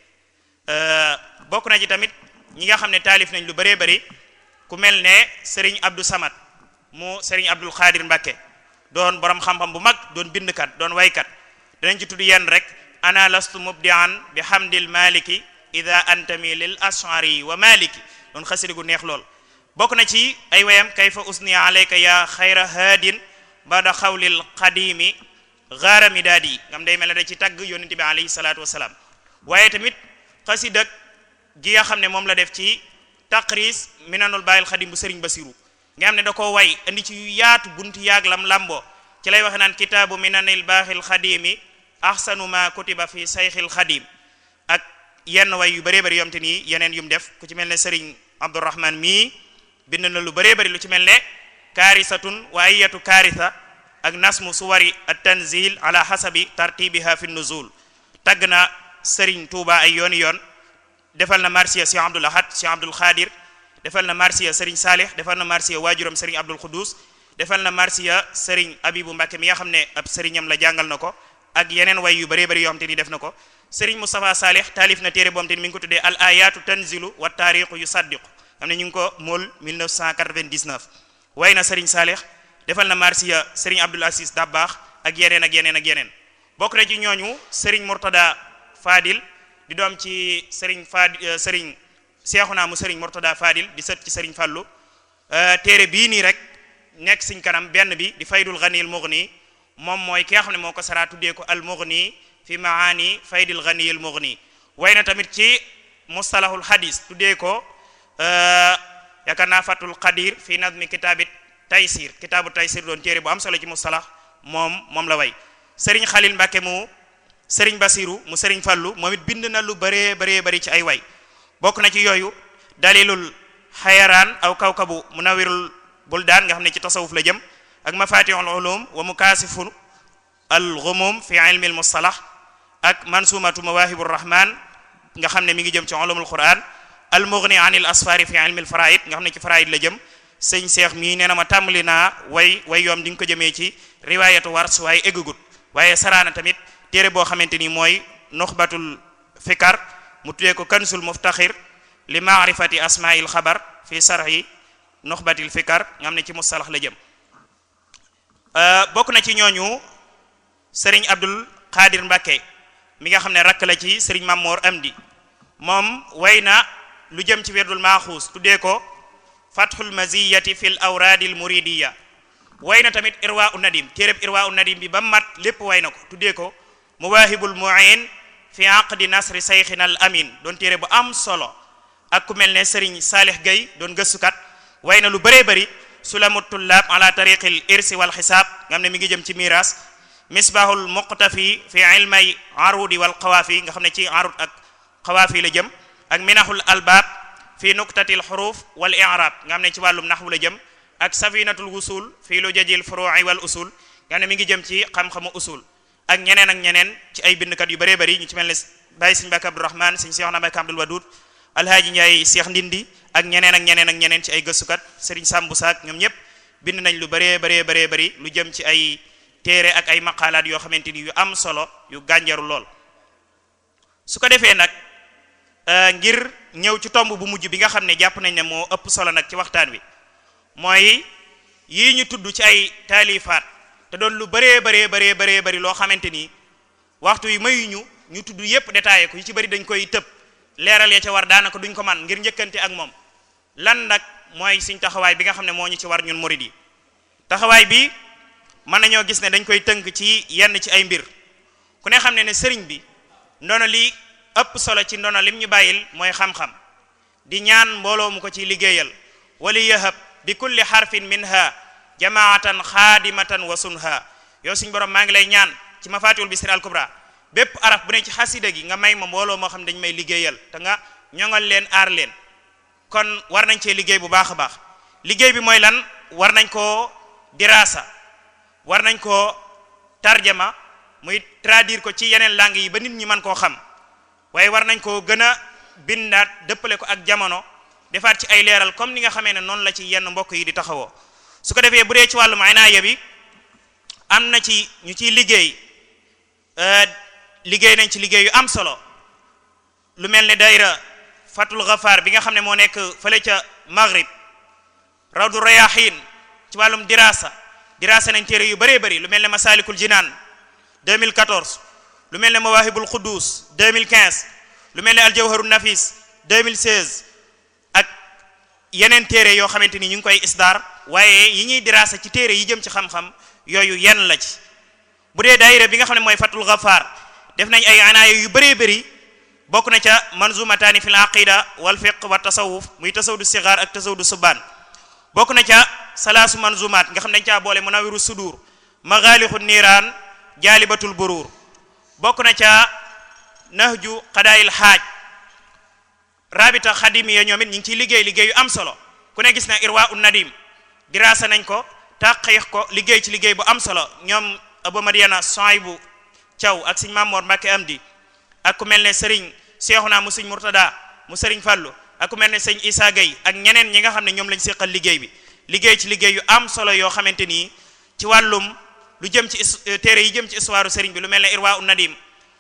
bokk na ci tamit ñi nga xam ne taalif nañ lu bëree bëri ku mel ne sëriñ Abdou Samad mu sëriñ Abdul Xaadir Mbàkke doon borom xam-xam mag doon bindkat doon waykat danañ ci tudd yenn rek ana lastu mubdian bi hamdil maliki ida antami lil ashari wa maliki don xasida gu neex lool bokk na ci ay wayam kayfa usni alayka ya xayra haadin bada xawlil qadimi gaarami daad yi ngam day mel ne da ci tagg yonente bi alayhi salaatu wasalaam waaye tamit xasida gi nga xam ne moom la def ci taqris minanul bàyyil xadim bu sëriñ basiru nga xam ne da ko way andi ci yu yaatu buntu yaag lam lamboo ci lay waxe naan kitaabu minanil baaxil xadimi ahsanu ma kutiba fi sayxil xadim ak yenn way yu bëree bëri yom te nii yeneen yum def ku ci mel ne sëriñ abdurahman mii bind na lu bëree bëri lu ci mel ne kaarisatun wa ayatu kaarisa ak nasmu suwari at tanzil ala hasabi tartibiha fi nuzul tagg na sëriñ tuuba ay yooni yoon defal na marsiya si abdul ahad si abdul xaadir defal na marsiya sëriñ saalih defal na marsiya waajuram sëriñ abdul xudus defal na marsiya sëriñ abibu mbàkke mi nga xam ne ab sëriñam la jàngal na ko ak yeneen way yu bëree bëri yoo xam te ni def na ko Serigne Moustapha Salih taalif na téere boo xam te ni mi ngi ko tuddee al ayatu tanzilu wa taarixu yu saddiqu xam ne ñu ngi ko mool 1999 way na Serigne defal na marsiya Serigne Abdoul Aziz Dabbaax ak yeneen ak yeneen ak yeneen bokk na ci ñooñu Serigne Mourtada faadil di doom ci Serigne Fadil euh, Serigne Seexuna mu Serigne Mourtada Fadil di sët ci Serigne Fallou euh, téere bii nii rek nekk siñ kanam benn bi di faydul ghanil mughni moom mooy ki nga xam ne moo ko saraa tuddee ko al mughni fi maani faydil ghani al mughni way na tamit ci mustalahul hadis tuddee ko euh, yaakaar naa fatul qadir fi nadmi kitaabit taysir kitaabu taysir doon téere bu am solo ci mustalah moom moom la way sëriñ xalil mbake mu sëriñ basiru mu sëriñ fàllu moom it bind na lu bëree bëree bëri ci ay way bokk na ci yooyu dalilul xayaraan aw kawkabu munawirul buldaan nga xam ne ci tasawuf la jëm ak mafatihul ulum wa mukasifu al ghumum fi ilmi al mustalah ak mansumatu mawahibur rahman nga xam ne mi ngi jëm ci ulumul quran al mughni anil asfari fi ilmi al faraid nga xam ne ci faraid la jëm sëñ Cheikh mii nee na ma tàmbali naa way way yoom di nga ko jëmee ci riwayatu wars waaye eggagut waaye saraana tamit téere boo xamante ni mooy nuxbatul fikar mu tuddee ko kansul muftaxir li maarifati asmail xabar fi sarhi nuxbatil fikar nga xam ne ci mustalax la jëm Euh, bokk na ci ñooñu sëriñ Abdul Xaadir Mbàkke mi nga xam ne rakk la ci sëriñ Mamoor Amdi moom way na lu jëm ci wirdul maaxuus tuddee ko fathul maziyati fil awraadil muridiya way na tamit irwa u nadim téereb irwa u nadim bi ba mat lépp way na ko tuddee ko muwaahibul muin fi aqdi nasri sayxina al amin doon téere bu am solo ak ku mel ne sëriñ Saalix Gay doon gëstukat way na lu bëree sulamu tullaab ala tariqil irsi wal xisaab nga ne mi ngi jëm ci miiras misbahul muqtafi fi ilmay arudi wal xawaafi nga xam ne ci arud ak xawaafi la jëm ak minahul albaab fi nuktatil xuruf wal i'rab nga xam ne ci wàllum naxwu la jëm ak safinatul wusul fi lujajil furu'i wal usul nga xam ne mi ngi jëm ci xam-xamu usul ak ñeneen ak ñeneen ci ay bindkat yu bare bëri ñu ci mel ne Baye Sëñ Bakk Abdourahman Sëñ Cheikh na Bakk Abdoul Wadoud Alhaaji Ndiaye Cheikh Ndindi ak ñeneen ak ñeneen ak ñeneen ci ay gëstukat sëriñ Sambu Saak ñoom ñëpp bind nañ lu bëree bëree bëree bëri lu jëm ci ay téere ak ay maqalaat yoo xamante ni yu am solo yu gànjaru lool su ko defee nag euh, ngir ñëw ci tomb bu mujj bi nga xam ne jàpp nañ ne moo ëpp solo nag ci waxtaan wi mooy yii ñu tudd ci ay taalifaat te doon lu bëree bëree bëree bëree bëri loo xamante ni waxtu yi mayuñu ñu tudd yépp détaillé ko ci bari dañ koy tëb leeral ya ca war daanaka duñ ko man ngir njëkkante ak moom lan nag mooy suñ taxawaay bi nga xam ne moo ñu ci war ñun murid yi taxawaay bi mën nañoo gis ne dañ koy tënk ci yenn ci ay mbir ku ne xam ne ne sëriñ bi ndono li ëpp solo ci ndono lim ñu bàyyil mooy xam-xam di ñaan mbooloo mu ko ci liggéeyal wali yahab bi kulli xarfin minha jamaatan xaadimatan wa sunha yow suñ borom maa ngi lay ñaan ci mafaatiwul bisri al kubra bépp araf bu ne ci xasida gi nga may ma mbooloo moo xam ne dañ may liggéeyal te nga ñoŋal leen aar leen kon war nañ cee liggéey bu baax a baax liggéey bi mooy lan war nañ koo dirasa war nañ koo tarjama muy traduire ko ci yeneen langues yi ba nit ñi mën koo xam waaye war nañ koo gën a bindaat dëppale ko ak jamono defaat ci ay leeral comme ni nga xamee ne noonu la ci yenn mbokk yi di taxawoo su ko defee bu dee ci wàllum naa bi am na ci ñu ciy liggéey euh, liggéey nañ ci liggéey yu am solo lu mel ne dayra fatul ghafaar bi xam ne moo nekk fële ca maghrib rawdu rayahin ci wàllum dirasa dirasa nañ téere yu bëree bëri lu mel ne masalikul jinaan 2014 lu mel ne mawahibul quddus 2015 lu mel ne aljawharu nafis 2016 ak yeneen téere yoo xamante ni ñu ngi koy isdar waaye yi ñuy dirasa ci téere yi jëm ci xam-xam yooyu yenn la ci bu dee daayira bi nga xam ne mooy fatul ghafaar def nañ ay anaaya yu bëree bëri bokk na ca manzumataani fil aqida wal wa tasawuf muy tasawdu sigaar ak tasawdu subaan bokk na ca salaasu manzumaat nga xam dañ caa boole munawiru sudur maghaalixu niiraan jaalibatul buruur bokk na ca nahju qadaayil xaaj rabita xadimiya ñoom it ñu ngi ciy liggéey liggéeyu am solo ku ne gis na irwa u nadim diraasa nañ ko taqiix ko liggéey ci liggéey bu am solo ñoom abo madiana soy bu thiaw ak siñ mamoor mbàkke am di ak ku mel ne sëriñ Seexuna mu sëñ Murtada mu sëriñ Fàllu ak ku mel ne sëñ Issa yi ak ñeneen ñi nga xam ne ñoom lañ seqal liggéey bi liggéey ci liggéey yu am solo yoo xamante nii ci wàllum lu jëm ci euh, téere yi jëm ci histoire sëriñ bi lu mel ne Irwa un Nadim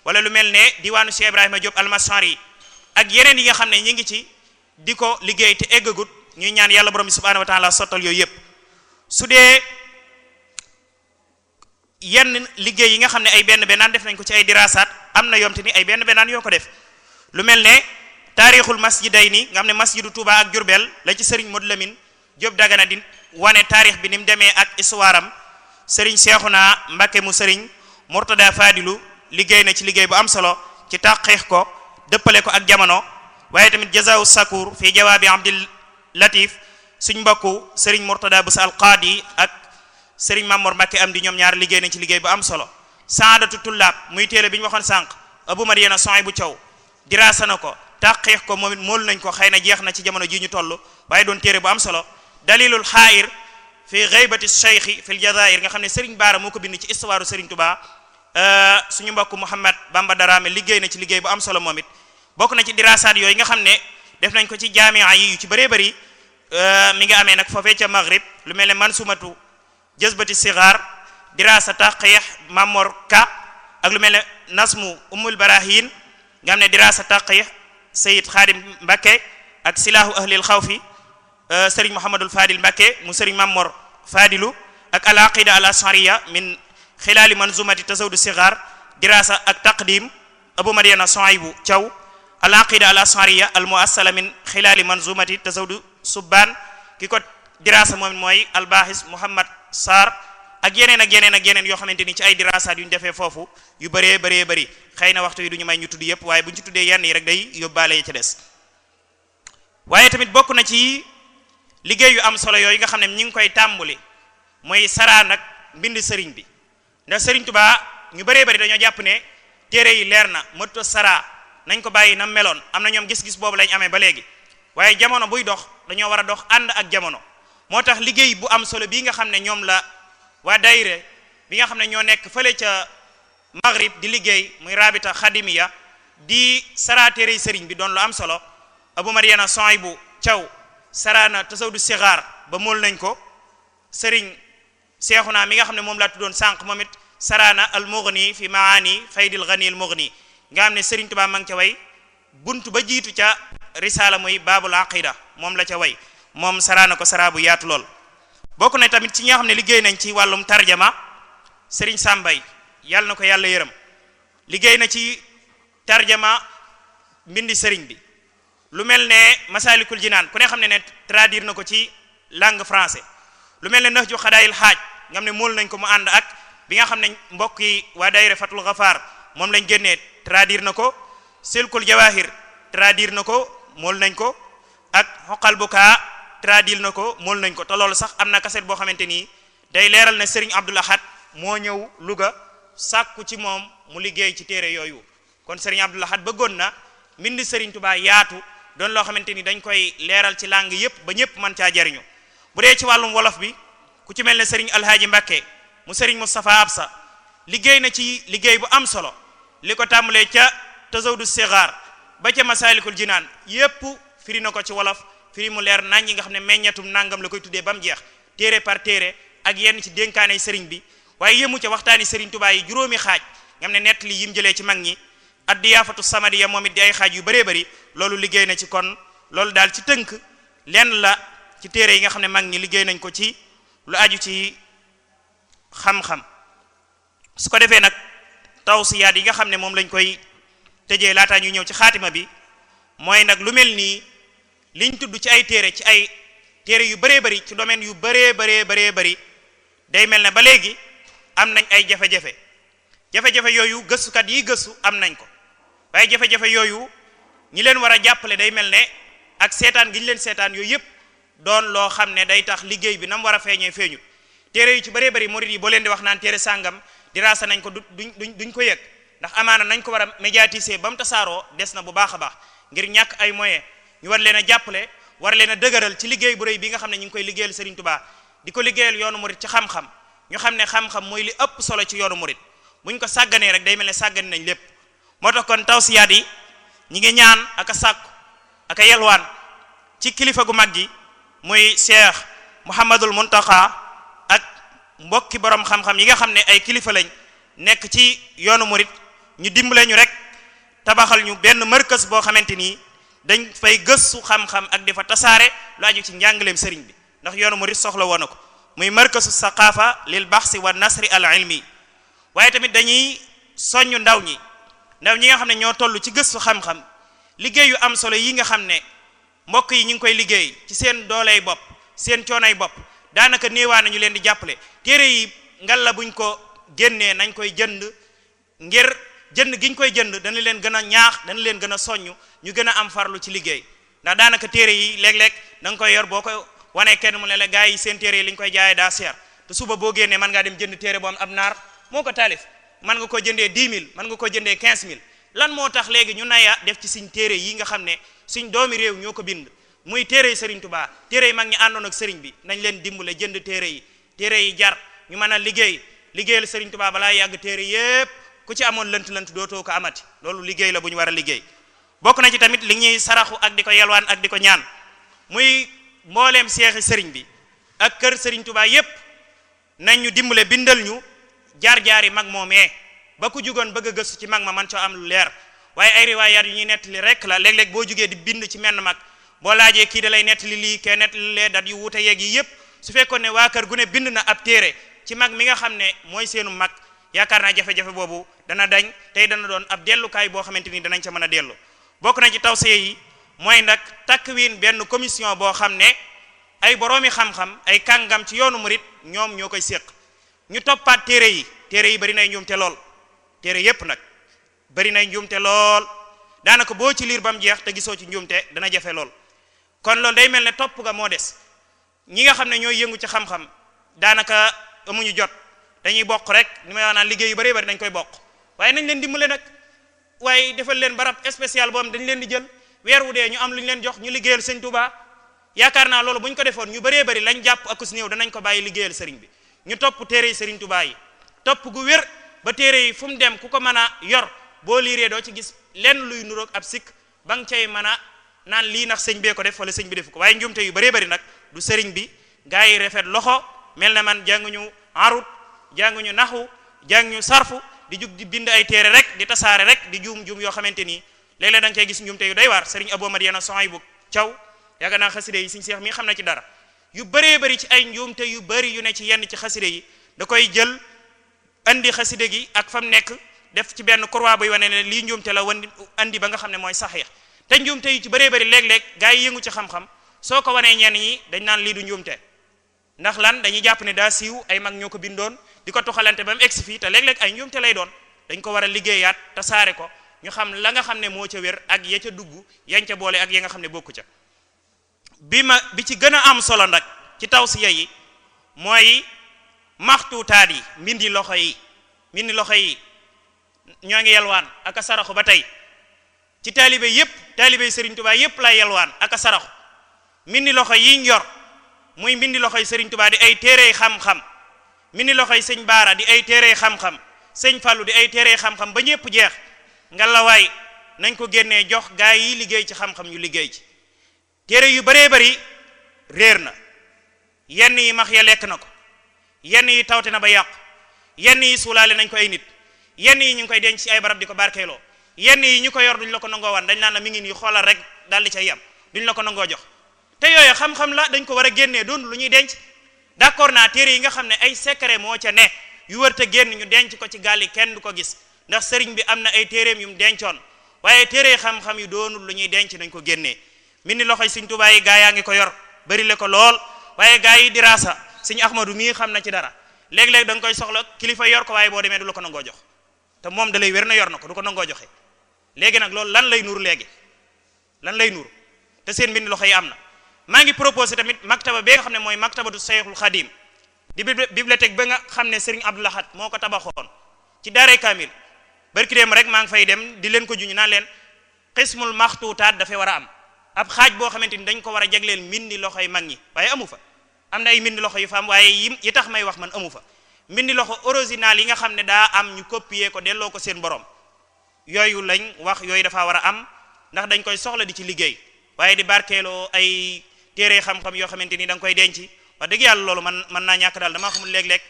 wala lu mel ne diwaanu Cheikh Ibrahima Diop Almasari yi ak yeneen yi nga xam ne ñu ngi ci di ko liggéey te eggagut ñuy ñaan yàlla borom bi subhanahu wa taala sottal yooyu yëpp su dee yenn liggéey yi nga xam ne ay benn bennaan def nañ ko am na yom te ni ay benn benaan yoo ko def lu mel ne taarixul masjiday nii nga xam ne masjidu Touba ak Jurbel la ci sëriñ Modou Lamine Diop Dagana din wane taarix bi ni mu demee ak histoire am sëriñ Seexuna Mbakke mu sëriñ Murtada Fadilu liggéey na ci liggéey bu am solo ci taqiix ko dëppale ko ak jamono waaye tamit jazaau sakur fi jawaabi Abdul Latif suñ mbokku sëriñ Murtada bu sa alqaadi ak sëriñ Mamor Mbakke am di ñoom ñaar liggéey nañ ci liggéey bu am solo saadatu tullaab muy téere bi ñu waxoon sànq abu mariana sony bu thiaw diraasa na ko taqiix ko moom it mool nañ ko xëy na jeex na ci jamono ji ñu toll waaye doon téere bu am solo dalilul xaayir fi gaybati cheikhi fi ljazair nga xam ne sëriñ baara moo ko bind ci istuwaaru sëriñ tuba euh, suñu mbokk mouhamad bamba daraame liggéey na ci liggéey bu am solo moom it bokk na ci diraasaat yooyu nga xam ne def nañ ko ci jaamia yi yu ci bari bëri euh, mi nga amee nag foofee ca lu mel ne mansumatu jësbati sigaar dirasata xeex mamor ka ak lu mel ne nasmu umul barahin nga xam ne dirasata xeex sayid xaadim mbakke ak silaahu ahlil xawfi euh, sëriñ mouhamadul fadil mbakke mu sëriñ mamor fadilu ak al aqida al ashariya min xilaali manzumati tasawdu sigar dirasa ak taqdim abu madiana soaybu thiaw al aqida al ashariya al muassala min xilaali manzumati tasawdu subban ki ko dirasa moom mooy al bahis muhammad sar ak yeneen ak yeneen ak yeneen yoo xamante ni ci ay dirasaat yu ñu defee foofu yu bëree bëree bëri xëy na waxtu yi du ñu may ñu tudd yëpp waaye bu ñu ci tuddee yenn yi rek day waaye tamit bokk na ci liggéey yu am solo yooyu nga xam ne ñu ngi koy tàmbali mooy saraa nag mbind sëriñ bi ndax sëriñ Tuubaa ñu bëree bëri dañoo jàpp ne téere yi leer na mëto saraa nañ ko bàyyi na meloon am na ñoom gis-gis boobu lañ amee ba léegi waaye jamono buy dox dañoo war a dox ànd ak jamono moo tax liggéey bu am solo bii nga xam ne ñoom waa dayre bi nga xam ne ñoo nekk fële ca maghrib di liggéey muy rabita xadimiya di saratere sëriñ bi doon lu am solo abu na soy bu thiaw sarana tasawdu sigaar ba mool nañ ko sëriñ seexu naa mi nga xam ne moom laa doon sànq moom it sarana al mughni fi maani faydil ghani al mughni nga xam ne sëriñ tubaa ma ngi ca way bunt ba jiitu ca risaala muy baabul aqida moom la ca way moom sarana ko saraa bu yaatu lool bokk nañ tamit ci nga xam ne liggéey nañ ci wàllum tarjama sëriñ sàmbay yàlla na ko yàlla yërëm liggéey na ci tarjama mbindi sëriñ bi lu mel ne masalikul naan ku ne xam ne ne traduire na ko ci langue français lu mel ne nax ju xadaayil xaaj nga xam ne mool nañ ko mu ànd ak bi nga xam ne mbokk yi waa dayre fatul xafaar moom lañ génnee traduire na ko silkul jawahir traduire na ko mool nañ ko ak xoqal bukaa traduire na ko mool nañ ko te loolu sax am na kaset boo xamante nii day leeral ne Serigne Abdoul Ahad moo ñëw Louga sàkku ci moom mu liggéey ci téere yooyu kon Serigne Abdoul Ahad bëggoon na mbind Serigne Touba yaatu doon loo xamante ni dañ koy leeral ci langue yépp ba ñépp man caa jariñu bu dee ci wàllum wolof bi ku ci mel ne Serigne Alhaaji Mbakke mu Serigne Moustapha Absa liggéey na ci liggéey bu am solo li ko tàmbalee ca Tazawudu Sigaar ba ca Masaalikul Jinaan yépp firi mu leer nañ ñi nga xam ne meññetum nangam la koy tuddee ba mu jeex téere par téere ak yenn ci dénkaanay sëriñ bi waaye yëmu ca waxtaani sëriñ Tuubaa yi juróomi xaaj nga xam ne yi yim jëlee ci mag ñi ad diyaafatu samadiya moom it di xaaj yu bëree bëri loolu liggéey na ci kon loolu daal ci tënk lenn la ci téere yi nga xam ne mag ñi liggéey ko ci lu aju ci xam su ko defee nag tawsiyaat yi nga xam ne moom lañ koy tëjee laataa ñuy ñëw ci xaatima bi mooy nag lu mel nii liñ tudd ci ay téere ci ay téere yu bëree bari ci domaine yu bëree bëree bëree bëri day mel ne ba léegi am nañ ay jafe-jafe jafe yooyu gëstukat yi gëstu am nañ ko waaye jafe-jafe yooyu ñi leen war a jàppale day mel ne ak seetaan gi ñu leen seetaan yooyu yëpp doon loo xam ne day tax liggéey bi na war a feeñee feeñu téere yu ci bëree bëri murid yi boo leen di wax naan téere sàngam diraasa nañ ko du duñ duñ ko yëg ndax amaana nañ ko war a médiatiser ba mu tasaaroo des na bu baax a baax ngir ñàkk ay moyens ñu war leen a jàppale war leen a dëgëral ci liggéey bu rëy bi nga xam ne ñu ngi koy liggéeyal Serigne Touba di ko liggéeyal yoonu murit ci xam-xam ñu xam ne xam-xam mooy li ëpp solo ci yoonu murit buñ ko sàgganee rek day ne sàggane nañ lépp moo tax kon tawsiyaat yi ñi ngi ñaan ak a sàkku ci kilifa gu mag gi muy Cheikh Mouhamadul Mountakha ak mbokki boroom xam-xam yi nga xam ne ay kilifa lañ nekk ci yoonu murit ñu dimbale ñu rek tabaxal ñu benn markas boo xamante nii dañ fay gëstu xam-xam ak di tasaare lu aju ci njàngaleem sëriñ bi ndax yoonu murid soxla woon na ko muy markasu saqaafa lil baxsi wa nasri al ilmi waaye tamit dañuy soññ ndaw ñi ndaw ñi nga xam ne ñoo toll ci gëstu xam-xam liggéey yu am solo yi nga xam ne mbokk yi ñu ngi koy liggéey ci seen dooley bopp seen coonay bopp daanaka néewaan nañu leen di jàppale téere yi ngal buñ ko génnee nañ koy jënd ngir jënd giñ koy jënd dana leen gën a ñaax dana leen gën a soññ ñu gën am farlu ci liggéey ndax daanaka téere yi léeg-léeg da koy yor boo koy wanee kenn mu ne la gars yi seen téere yi li koy jaayee daa seer te suba boo génnee mën ngaa dem jënd téere boo am naar moo ko taalif mën nga ko jëndee 10 000 mën nga ko jëndee 15 000 lan moo tax léegi ñu naya def ci suñ téere yi nga xam ne suñ doomi réew ñoo ko bind muy téere yi sëriñ baa téere yi mag ñi àndoon ak sëriñ bi nañ leen dimbale jënd téere yi téere yi jar ñu mën a liggéey liggéeyal sëriñ Tuubaa balaa yàgg téere ku ci amoon lënt-lënt dootoo ko amati loolu liggéey la bu ñu war a liggéey bokk na ci tamit li ñuy saraxu ak di ko yelwaan ak di ko ñaan muy mbooleem seexi sëriñ bi ak kër sëriñ tubaay yépp nañ ñu dimbale bindal ñu jaar-jaari mag moom moomee ba ku jugoon bëgg a gëstu ci mag ma man coo am lu leer waaye ay riwaayaat yu ñuy nettali rek la léeg-léeg boo jugee di bind ci menn mag boo laajee kii da lay nettali lii kee nettali lee dat yu wuute yeeg yi yépp su fekkoon ne waa kër gu ne bind na ab téere ci mag mi nga xam ne mooy seenu mag yaakaar naa jafe-jafe boobu dana dañ tey dana doon ab dellukaay boo xamante ni danañ ca mën a dellu bokk nañ ci tawsiya yi mooy nag takwin benn commission boo xam ne ay boroomi xam-xam ay kàngam ci yoonu murit ñoom ñoo koy séq ñu toppaat téere yi téere yi bari nay njuumte lool téere yépp nag bari nay njuumte lool daanaka boo ci liir ba mu jeex te gisoo ci njuumte dana jafe lool kon loolu day mel ne topp ga moo des ñi nga xam ne ñooy yëngu ci xam daanaka amuñu jot dañuy bokk rek ni may wax naan liggéey yu bari bari dañ koy bokk waaye nañ leen dimbale nag waaye defal leen barab spécial boo dañ leen di jël weer wu dee ñu am lu ñu leen jox ñu liggéeyal sëñ Touba yaakaar naa loolu bu ñu ko defoon ñu bëree bari lañ jàpp akus néew danañ ko bàyyi liggéeyal sëriñ bi ñu topp téere sëriñ Touba yi topp gu wér ba téere yi fu mu dem ku ko mën a yor boo liiree doo ci gis lenn luy nurook ab sikk ba nga cay mën a naan lii nax sëñ bee ko def wala sëñ bi def ko waaye njuumte yu bëree bëri nag du sëriñ bi gaa yi rafet loxo mel man jànguñu arut ñu jànguñu jàng ñu sarfu di jug di bind ay téere rek di tasaare rek di juum juum yoo xamante nii léeg-léeg da nga cay gis njuumte yu doy waar sëriñ Abou Madiana Sohay bu Thiaw yaakaar naa xaside yi sëriñ Seex mi xam na ci dara yu bëree bëri ci ay njuumte yu bëri yu ne ci yenn ci xaside yi da koy jël andi xaside gi ak fam nekk def ci benn croix buy wane ne lii njuumte la wan andi ba nga xam ne mooy saxiix te njuumte yu ci bëree bëri léeg-léeg gaa yi yëngu ci xam-xam soo ko wanee ñeen ñi dañ naan lii du njuumte ndax lan dañuy jàpp ne daa siiw ay mag ñoo ko bindoon di ko tuxalante ba mu egsi fii te léeg-léeg ay njuumte lay doon dañ ko war a liggéeyaat te saare ko ñu xam la nga xam ne moo ca wér ak ya ca dugg yañ ca boole ak ya nga xam ne bokku ca bi ma bi ci gën a am solo nag ci taw tawsiya yi mooy maxtuutaat yi mbindi loxo yi mbindi loxo yi ñoo ngi yelwaan ak a ba tey ci taalibe yépp taalibe yi Serigne Touba yépp lay ak a saraxu mbindi muy mbindi loxo yi Serigne Touba di ay téere xam-xam mi ni loxoy sëñ baara di ay téere xam-xam sëñ fàllu di ay téere xam-xam ba ñépp jeex nga la waay nañ ko génne jox gaa yi liggéey ci xam-xam yu liggéey ci téere yu baree bari réer na yenn yi max ya lekk na ko yenn yi tawte na ba yàqu yenn yi suulaale nañ ko ay nit yenn yi ñu ngi koy denc ci ay barab di ko barkeeloo yenn yi ñu ko yor duñ la ko nangoo wan dañ naan mi ngi nii xoolal rek daal di ca yem duñ la ko nangoo jox te yooyu xam-xam la d'accord naa téere yi nga xam ne ay secret moo ca ne yu wër te génn ñu denc ko ci gàlli kenn du ko gis ndax sëriñ bi am na ay téereem yu mu dencoon waaye téere xam-xam yi doonul lu ñuy denc nañ ko génnee mi ni loxoy Sëriñ Tuubaa yi gaa yaa ngi ko yor bari le ko lool waaye gaa yi diraasa Sëriñ Ahmadu mii xam na ci dara léeg-léeg da koy soxla kilifa yor ko waaye boo demee du la ko nangoo jox te moom da lay wér na yor na ko du ko nangoo joxe léegi nag loolu lan lay nuur léegi lan lay nuur te seen mbind loxo yi am na maa ngi proposé tamit maktaba bi nga xam ne mooy maktabatu Seyxul Xadim di bibliothèque ba nga xam ne Serigne Abdou Lahad moo ko tabaxoon ci daaree Kamil barki dem rek maa ngi fay dem di leen ko juñu naan leen xismul maxtuutaat dafay war a am ab xaaj boo xamante ni dañ ko war a jagleel mbindi loxo yi mag ñi waaye amu fa am na ay mbindi loxo yu fa am waaye yi yi tax may wax man amu fa mbindi loxo original yi nga xam ne daa am ñu copier ko delloo ko seen borom yooyu lañ wax yooyu dafa war a am ndax dañ koy soxla di ci liggéey téere xam-xam yoo xamante ni danga koy denc wax dëgg yàlla loolu man man naa ñàkk daal damaa xamul léeg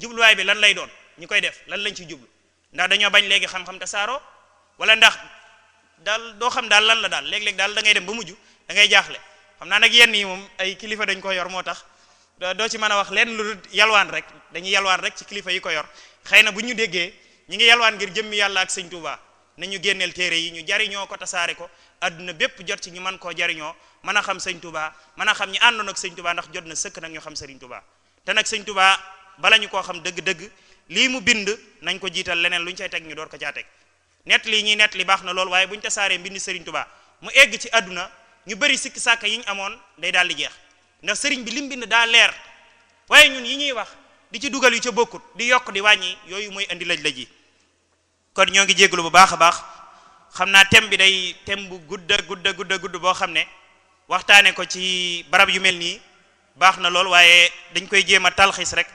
jubluwaay bi lan lay doon ñi koy def lan lañ ci jublu ndax dañoo bañ léegi xam-xam tasaaroo wala ndax daal doo xam daal lan la daal léeg-léeg daal da ngay dem ba mujj da ngay jaaxle xam naa nag yenn yi moom ay kilifa dañ ko yor moo tax doo ci mën a wax leen lu yalwaan rek dañuy yalwaan rek ci kilifa yi ko yor xëy na bu ñu déggee ñi ngi yalwaan ngir jëmmi yàlla ak sëñ Tuubaa nañu génneel téere yi ñu jariñoo ko tasaare ko adduna bépp jot ci ñu mën koo jariñoo mën a xam sëñ tubaa mën a xam ñi àndoon ak sëñ tubaa ndax jot na sëkk nag ñu xam sëriñ tubaa te nag sëñ tubaa bala ñu koo xam dëgg-dëgg lii mu bind nañ ko jiital leneen lu ñu cay teg ñu door ko caa teg nett lii ñuy nett li baax na lool waaye bu ñu tasaaree mbind sëriñ tubaa mu egg ci àdduna ñu bëri sikki sàkka yi ñu amoon day daal di jeex ndax sëriñ bi lim bind daa leer waaye ñun yi ñuy wax di ci dugal yu ca bokkut di yokk di wàññi yooyu mooy andi laj-laj yi kon ñoo ngi jéglu bu baax a baax xam naa thème bi day thème bu gudd a gudd gudd boo xam ne waxtaane ko ci barab yu mel nii baax na lool waaye dañ koy jéem a talxis rek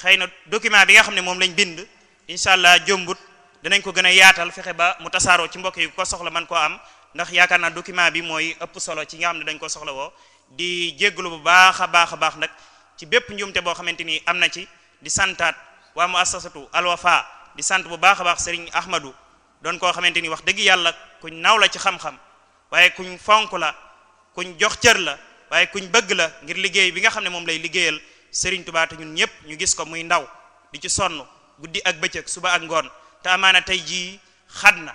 xëy na document bi nga xam ne moom lañ bind incha allah jombut danañ ko gën a yaatal fexe ba mu tasaaroo ci mbokk yi ko soxla man koo am ndax yaakaar naa document bi mooy ëpp solo ci nga xam ne dañ ko soxla woo di jégglu bu baax a baax a baax nag ci bépp njuumte boo xamante ni am na ci di santaat waa mu asasatu alwafa di sant bu baax a baax sëriñ Ahmadou doon koo xamante ni wax dëgg yàlla kuñ naaw la ci xam-xam waaye kuñ fonk la kuñ jox cër la waaye kuñ bëgg la ngir liggéey bi nga xam ne moom lay liggéeyal Serigne tubaatu te ñun ñëpp ñu gis ko muy ndaw di ci sonn guddi ak bëccëg suba ak ngoon te amaana tey jii xad na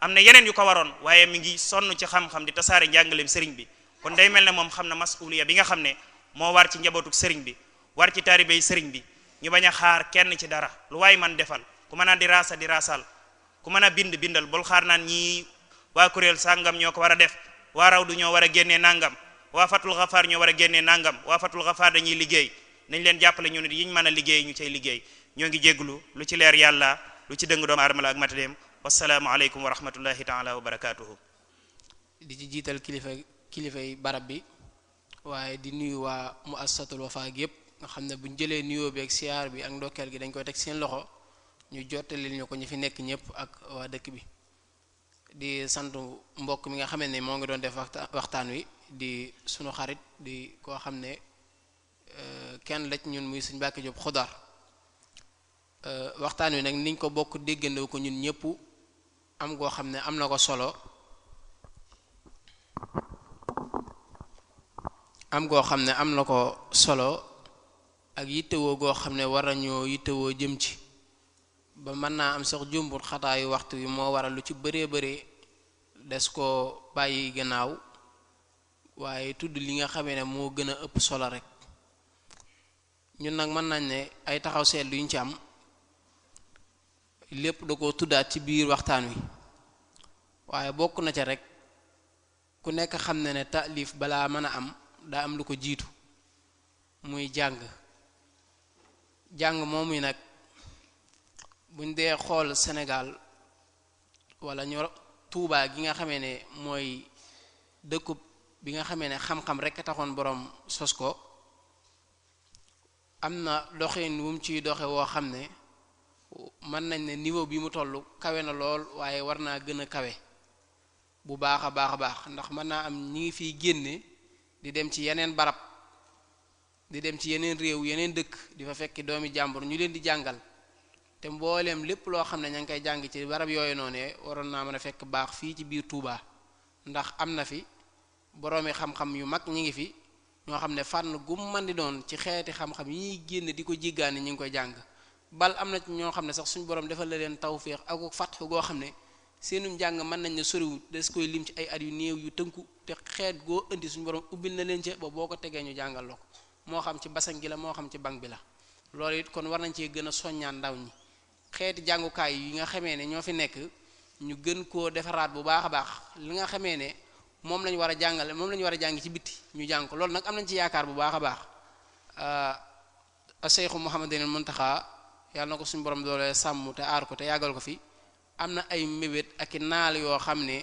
am na yeneen yu ko waroon waaye mi ngi sonn ci xam-xam di tasaare njàngaleem Serigne bi kon day mel ne moom xam na masuliya bi nga xam ne moo war ci njabootuk sëriñ bi war ci taaribey Serigne bi ñu bañ a xaar kenn ci dara lu waay defal ku mën a di raasa di raasal ku mën a bind bindal bul xaar naan ñii waa kuréel sàngam ñoo ko war a def waa raw du ñoo war a génnee nangam waa fatul xafaar ñoo war a génnee nangam waa fatul xafaar dañuy liggéey nañ leen jàppale ñu nit yiñ mën a liggéey ñu cay liggéey ñoo ngi jégglu lu ci leer yàlla lu ci dëng doomu aadama la ak matadeem wasalaamu aleykum wa rahmatullahi taala wa barakatuhu di ci jiital kilifa kilifa yi barab bi waaye di nuyu waa mu assatul wafa gi nga xam ne buñ jëlee nuyoo bi ak bi ak ndokkeel gi dañ koy teg seen loxo ñu jottali ñu ko ñu fi nekk ñëpp ak waa dëkk bi di sant mbokk mi nga xam ni moo ngi doon def waxtaan wi di suñu xarit di koo xam ne euh, kenn la ñun muy Sëñ Mbàkke Jóob Xudaar waxtaan wi nag niñ ko bokk déggandoo ko ñun ñëpp am goo xam ne am na ko solo am goo xam ne am na ko solo ak yittewoo goo xam ne war nañoo yittewoo jëm ci ba mën naa am sax jumbur xataayu waxtu wi moo waral lu ci bëree bëree des koo bàyyi gannaaw waaye tudd li nga xamee ne moo gën a ëpp solo rek ñun nag mën nañ ne ay taxaw seet yu ñu ci am lépp da ko tuddaat ci biir waxtaan wi waaye bokk na ca rek ku nekk xam ne ne taalif balaa mën a am daa am lu ko jiitu muy jàng jàng moomuy nag buñ dee xool senegal wala ñu Tuubaa gi nga xamee ne mooy dëkku bi nga xamee ne xam-xam rekk a taxoon boroom sos ko am na doxin wu mu doxe woo xam ne mën nañ ne niveau bi mu toll kawe na lool waaye war naa gën a kawe bu baax a baax a baax ndax mën naa am ñi ngi fiy génne di dem ci yeneen barab di dem ci yeneen réew yeneen dëkk di fa fekki doomi jàmbur ñu leen di jàngal te mbooleem lépp loo xam ne ña ngi koy jàng ci barab yooyu noonee waroon naa mën a fekk baax fii ci biir Touba ndax am na fi boroomi xam-xam yu mag ñi ngi fi ñoo xam ne fànn gu mën di doon ci xeeti xam yi génn di ko jiggaane ñi ngi koy jàng bal am na ci ñoo xam ne sax suñu borom defal la leen tawféex ak fatxu goo xam ne seenum jàng mën nañ ne soriwu des koy lim ci ay at yu néew yu tënku te xeet goo indi suñu borom ubbil na leen ca ba boo ko tegee ñu jàngal la ko moo xam ci basan gi la moo xam ci bank bi la loolu it kon war nañ cee gën a soññaan ndaw ñi xeeti jàngukaay yi nga xamee ne ñoo fi nekk ñu gën koo defaraat bu baax a baax li nga xamee ne moom lañu war a jàngale moom lañu war a jàngi ci bitti ñu jàng ko loolu nag am nañ ci yaakaar bu baax a baax ah, Seexu Muhammadul Muntaxa yàlla na ko suñu borom doole sàmm te aar ko te yàggal ko fi am na ay mébét ak i naal yoo xam ne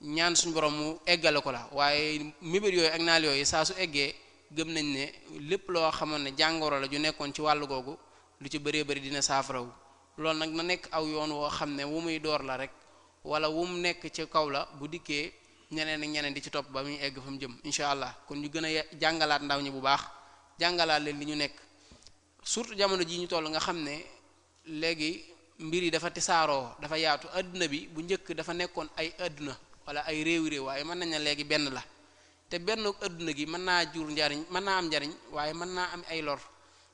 ñaan suñu borom mu eggale ko la waaye mébét yooyu ak naal yooyu saa su eggee gëm nañ ne lépp loo xamoon ne jàngoro la ju nekkoon ci wàllu googu lu ci bëree bëri dina saafarawu loolu nag na nekk aw yoon woo xam ne wu muy door la rek wala wu mu nekk ci kaw la bu dikkee ñeneen ñeneen di ci topp ba muy egg fa mu jëm incha allah kon ñu gën a jàngalaat ndaw ñi bu baax jàngalaat leen li ñu nekk surtout jamono jii ñu toll nga xam ne léegi mbir yi dafa tisaaroo dafa yaatu àdduna bi bu njëkk dafa nekkoon ay àdduna wala ay réewi réew waaye mën nañ ne léegi benn la te benn àdduna gi mën naa jur njariñ mën naa am njariñ waaye mën naa am ay lor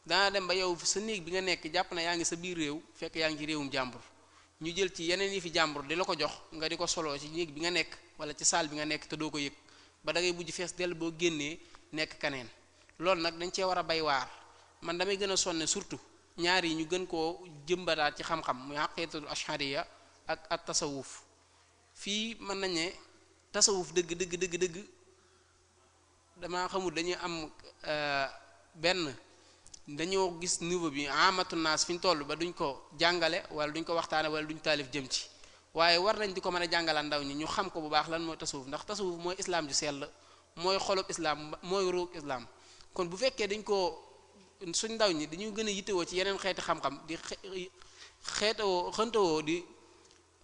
dana dem ba yow sa néeg bi nga nekk jàpp na yaa ngi sa biir réew fekk yaa ngi ci réewum jàmbur ñu jël ci yeneen yi fi jàmbur di la ko jox nga di ko soloo ci néeg bi nga nekk wala ci saal bi nga nekk te doo ko yëg ba da ngay bujj fees dell boo génnee nekk kaneen loolu nag dañ cee war a bay waar man damay gën a sonne surtout ñaar yi ñu gën koo jëmbataat ci xam-xam muy xaqiiqatul ashariya ak at tasawuf fii mën nañ ne tasawuf dëgg dëgg dëgg dëgg damaa dañuy am euh, benn dañoo gis niveau bi amatu naas fi ñu toll ba duñ ko jàngale wala duñ ko waxtaane wala duñ taalif jëm ci waaye war nañ di ko mën a jàngalaan ndaw ñi ñu xam ko bu baax lan mooy tasawuf ndax tasawuf mooy islaam ju sell mooy xolub islaam mooy ruug islaam kon bu fekkee dañ koo suñ ndaw ñi dañu gën a yittewoo ci yeneen xeeti xam-xam di xeetawoo xëntawoo di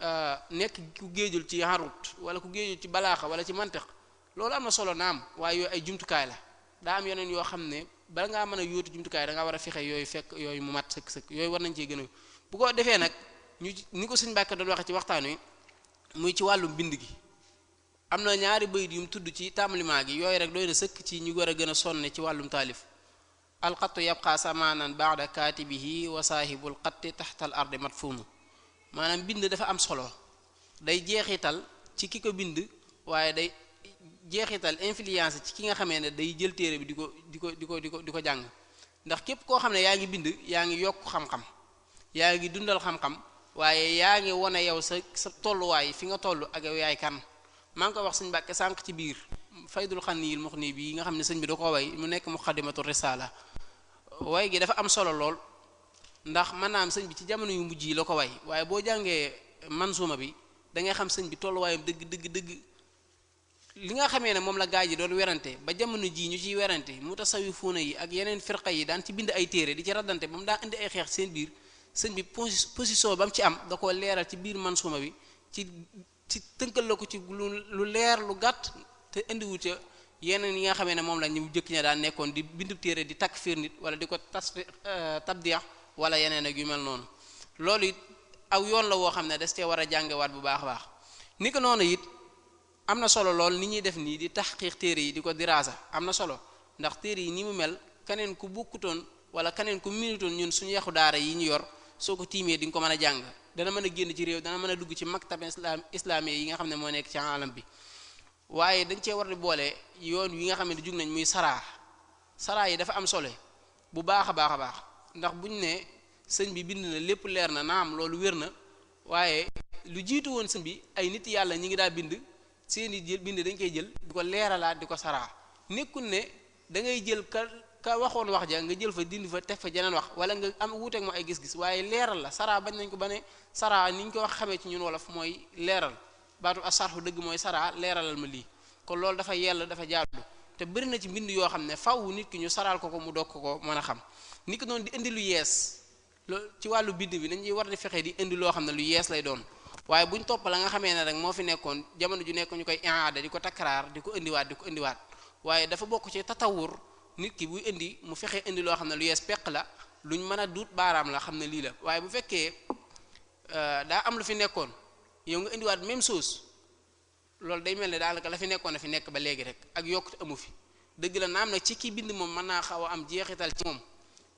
euh, nekk ku géejul ci harut wala ku géejul ci balaaxa wala ci mantiq loolu am na solo naam waaye yooyu ay jumtukaay la am yeneen yoo xam ne bala ngaa mën a yóotu jumtukaay da ngaa war a fexe yooyu fekk yooyu mu mat sëkk sëkk yooyu war nañ cee gën a bu ko defee nag ñu ni ko sëñ Mbàkke doon waxee ci waxtaan wi muy ci wàllum bind gi am na ñaari bayit yu mu tudd ci tàmbalimaa gi yooyu rek dooy na sëkk ci ñu war a gën a sonne ci wàllum taalif alxattu yabqa samanan baada kaatibihi wa saahibul xatti taxta al ardi matfuumu maanaam bind dafa am solo day jeexital ci ki ko bind waaye day jeexital inflience ci ki nga xamee ne day jël téere bi di ko di ko di ko di ko di ko jàng ndax képp koo xam ne yaa ngi bind yaa ngi yokk xam-xam yaa ngi dundal xam-xam waaye yaa ngi wane yow sa sa tolluwaay fi nga toll ak yaay kan maa ngi ko wax sëñ Mbàkke sànq ci biir faydul xaniyil muxni bi nga xam ne sëñ bi da ko way mu nekk muqaddimatu risala way gi dafa am solo lool ndax maanaam sëñ bi ci jamono yu mujj la ko way waaye boo jàngee mansuuma bi da xam sëñ bi tolluwaayam dëgg dëgg dëgg li nga xamee ne moom la gaa yi doon werante ba jamono jii ñu ciy werante mutasawifuuna yi ak yeneen firqa yi daan ci bind ay téere di ci raddante ba mu daa indi ay xeex seen biir sëñ bi position ba mu ci am da koo leeral ci biir mansuuma bi ci ci tënkal la ko ci lu leer lu gàtt te indiwut ca yeneen yi nga xamee ne moom la ñu jëkk ña daan nekkoon di bindu téere di takk fiir nit wala di ko tas euh, tabdiya wala yeneen ak yu mel noonu loolu it aw yoon la woo xam ne das cee war a jàngewaat bu baax a baax am na solo lool ni ñuy def nii di taxqiq téere yi di ko diraasa am na solo ndax téere yi ni mu mel keneen ku bukkutoon wala keneen ku minutoon ñun suñu yaxu daara yi ñu yor soo ko tiimee di nga ko mën a jàng dana mën a génn ci réew dana mën a dugg ci maktab islam islami yi nga xam ne moo nekk ci alam bi waaye dañ cee war di boole yoon wi nga xam ne jug nañ muy saraa saraa yi dafa am solo bu baax a baax a baax ndax buñ ne sëñ bi bind na lépp leer na naam loolu wér na waaye lu woon sëñ bi ay nit yàlla ñi ngi daa bind seeni jël bind dañ koy jël di ko leeralaat di ko saraa nekkul ne da ngay jël ka ka waxoon wax ja nga jël fa dindi fa teg fa jeneen wax wala nga am wuuteeg moo ay gis-gis waaye leeral la saraa bañ nañ ko ba ne saraa ni ko wax xamee ci ñun wolof mooy leeral baatu asarxu dëgg mooy saraa leeralal ma lii kon loolu dafa yell dafa jaadu te bëri na ci mbind yoo xam ne faw nit ki ñu saraal ko ko mu dog ko ko mën a xam nit ko noonu di indi lu yees loolu ci wàllu bind bi dañuy war di fexe di indi loo xam ne lu yees lay doon waaye bu ñu topp la nga xamee ne rek moo fi nekkoon jamono ju nekk ñu koy iaada di ko takkaraar di ko indiwaat di ko indiwaat waaye dafa bokk ci tatawur nit ki buy indi mu fexe indi loo xam ne lu peq la luñ mën a duut baaraam la xam ne lii la waaye bu fekkee euh, daa am lu fi nekkoon yow nga indiwaat même chose loolu day mel ne daanaka la fi nekkoon a fi nekk ba léegi rek ak yokkute amu fi dëgg la am nag ci ki bind moom mën naa xaw a am jeexital ci moom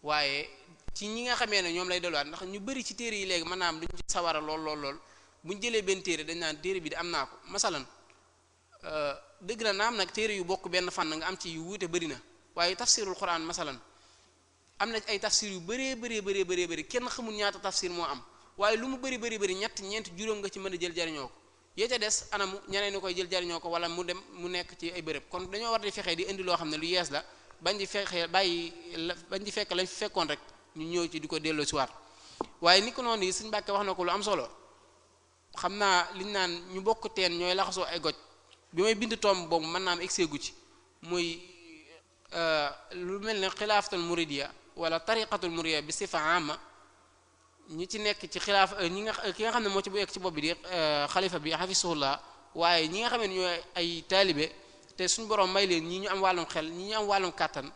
waaye ci ñi nga xamee ne ñoom lay delluwaat ndax ñu bëri ci téere yi léegi mën naa am duñ ci sawara lool lool lool bu ñu jëlee benn téere dañ naan téere bi di am naa ko masalan euh, dëgg la naam nag téere yu bokk benn fànn nga am ci yu wuute bari na waaye tafsirul quran masalan am na ay tafsir yu bëree bëree bëree bëree bëri kenn xamul ñaata tafsir moo am waaye lu mu bëri bëri bëri ñett ñeent juróom nga ci mën a jël jariñoo ko yee ca des anamu ñeneen koy jël jariñoo ko wala mu dem mu nekk ci ay bërëb kon dañoo war di fexe di indi loo xam ne lu yees la bañ di fexe bàyyi bañ di fekk lañ fekkoon rek ñu ñëw ci di ko delloo si waat ni ko noonu yi suñ Mbàkke wax na ko lu am solo xam naa liñ naan ñu bokk teen ñooy laxasoo ay goj bi may bind tomb boobu man naa am egsee gu ci muy euh, lu mel ne xilaafatul muridiya wala tariqatul muridiya bi sifa ama ñi ci nekk ci xilaaf euh, ñi nga euh, ki nga xam ne moo ci bu egg ci bopp bi di xalifa bi laa waaye ñi nga xam ne ñooy ay taalibe te suñu borom may leen ñi ñu am wàllum xel ñi ñu am wàllum kàttan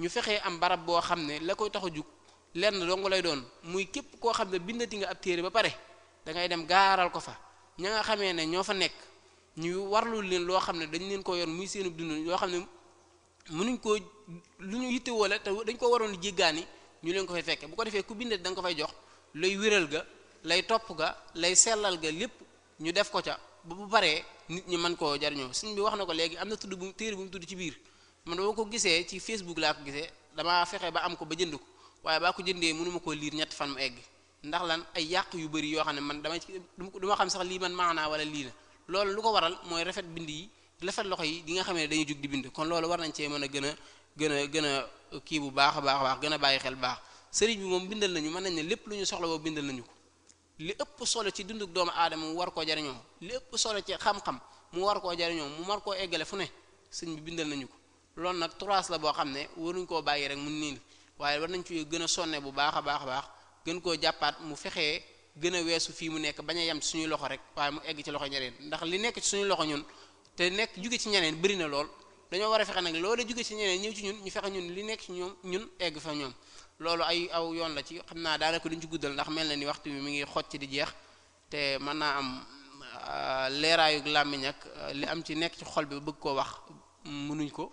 ñu fexee am barab boo xam ne la koy tax a jug lenn dong lay doon muy képp koo xam ne bindati nga ab téere ba pare da ngay dem gaaral ko fa ña nga xamee ne ñoo fa nekk ñu warlu leen loo xam ne dañ leen ko yor muy seen dund yoo xam ne mënuñ koo lu ñu yittewoo la te dañ ko waroon jéggaani ñu leen ko fay fekke bu ko defee ku bindee danga ko fay jox lay wéral ga lay topp ga lay sellal ga lépp ñu def ko ca ba bu paree nit ñi mën koo jariñoo sëñ bi wax na ko léegi am na tudd bu téere bu mu tudd ci biir man boo ko gisee ci Facebook laa ko gisee damaa fexe ba am ko ba jënd ko waaye baa ko jëndee mënuma koo liir ñett fan mu egg ndax lan ay yàq yu bari yoo xam ne man dama ci du ma xam sax lii man maanaa wala lii la loolu lu ko waral mooy rafet bind yi rafet loxo yi di nga xam ne dañu jug di bind kon loolu war nañ cee mën a gën a gën gën kii bu baax a baax a gën a bàyyi xel baax sëriñ bi moom bindal nañu mën nañ ne lépp lu ñu soxla boobu bindal nañu ko li ëpp solo ci dunduk doomu aadama mu war koo jariñoo li ëpp solo xam-xam mu war koo jariñoo war koo eggale fu ne sëriñ bi bindal nañu ko loolu nag trois la boo xam ne waruñ koo bàyyi rek mun nii waaye war nañ ci gën a sonne bu baax a baax a baax gën koo jàppaat mu fexee gën a weesu fii mu nekk bañ a yem suñuy loxo rek waaye mu egg ci loxo ñeneen ndax li nekk ci suñu loxo ñun te nekk jóge ci ñeneen bëri na lool dañoo war a fexe nag jóge ci ñeneen ñëw ci ñun ñu fexe ñun li nekk ci ñoom ñun egg fa ñoom loolu ay aw yoon la ci xam naa daanaka duñ ci guddal ndax mel na ni waxtu bi mu ngi xoj ci di jeex te mën naa am euh, leeraayug làmmiñ ak euh, li am ci nekk ci xol bi bëgg koo wax mënuñ ko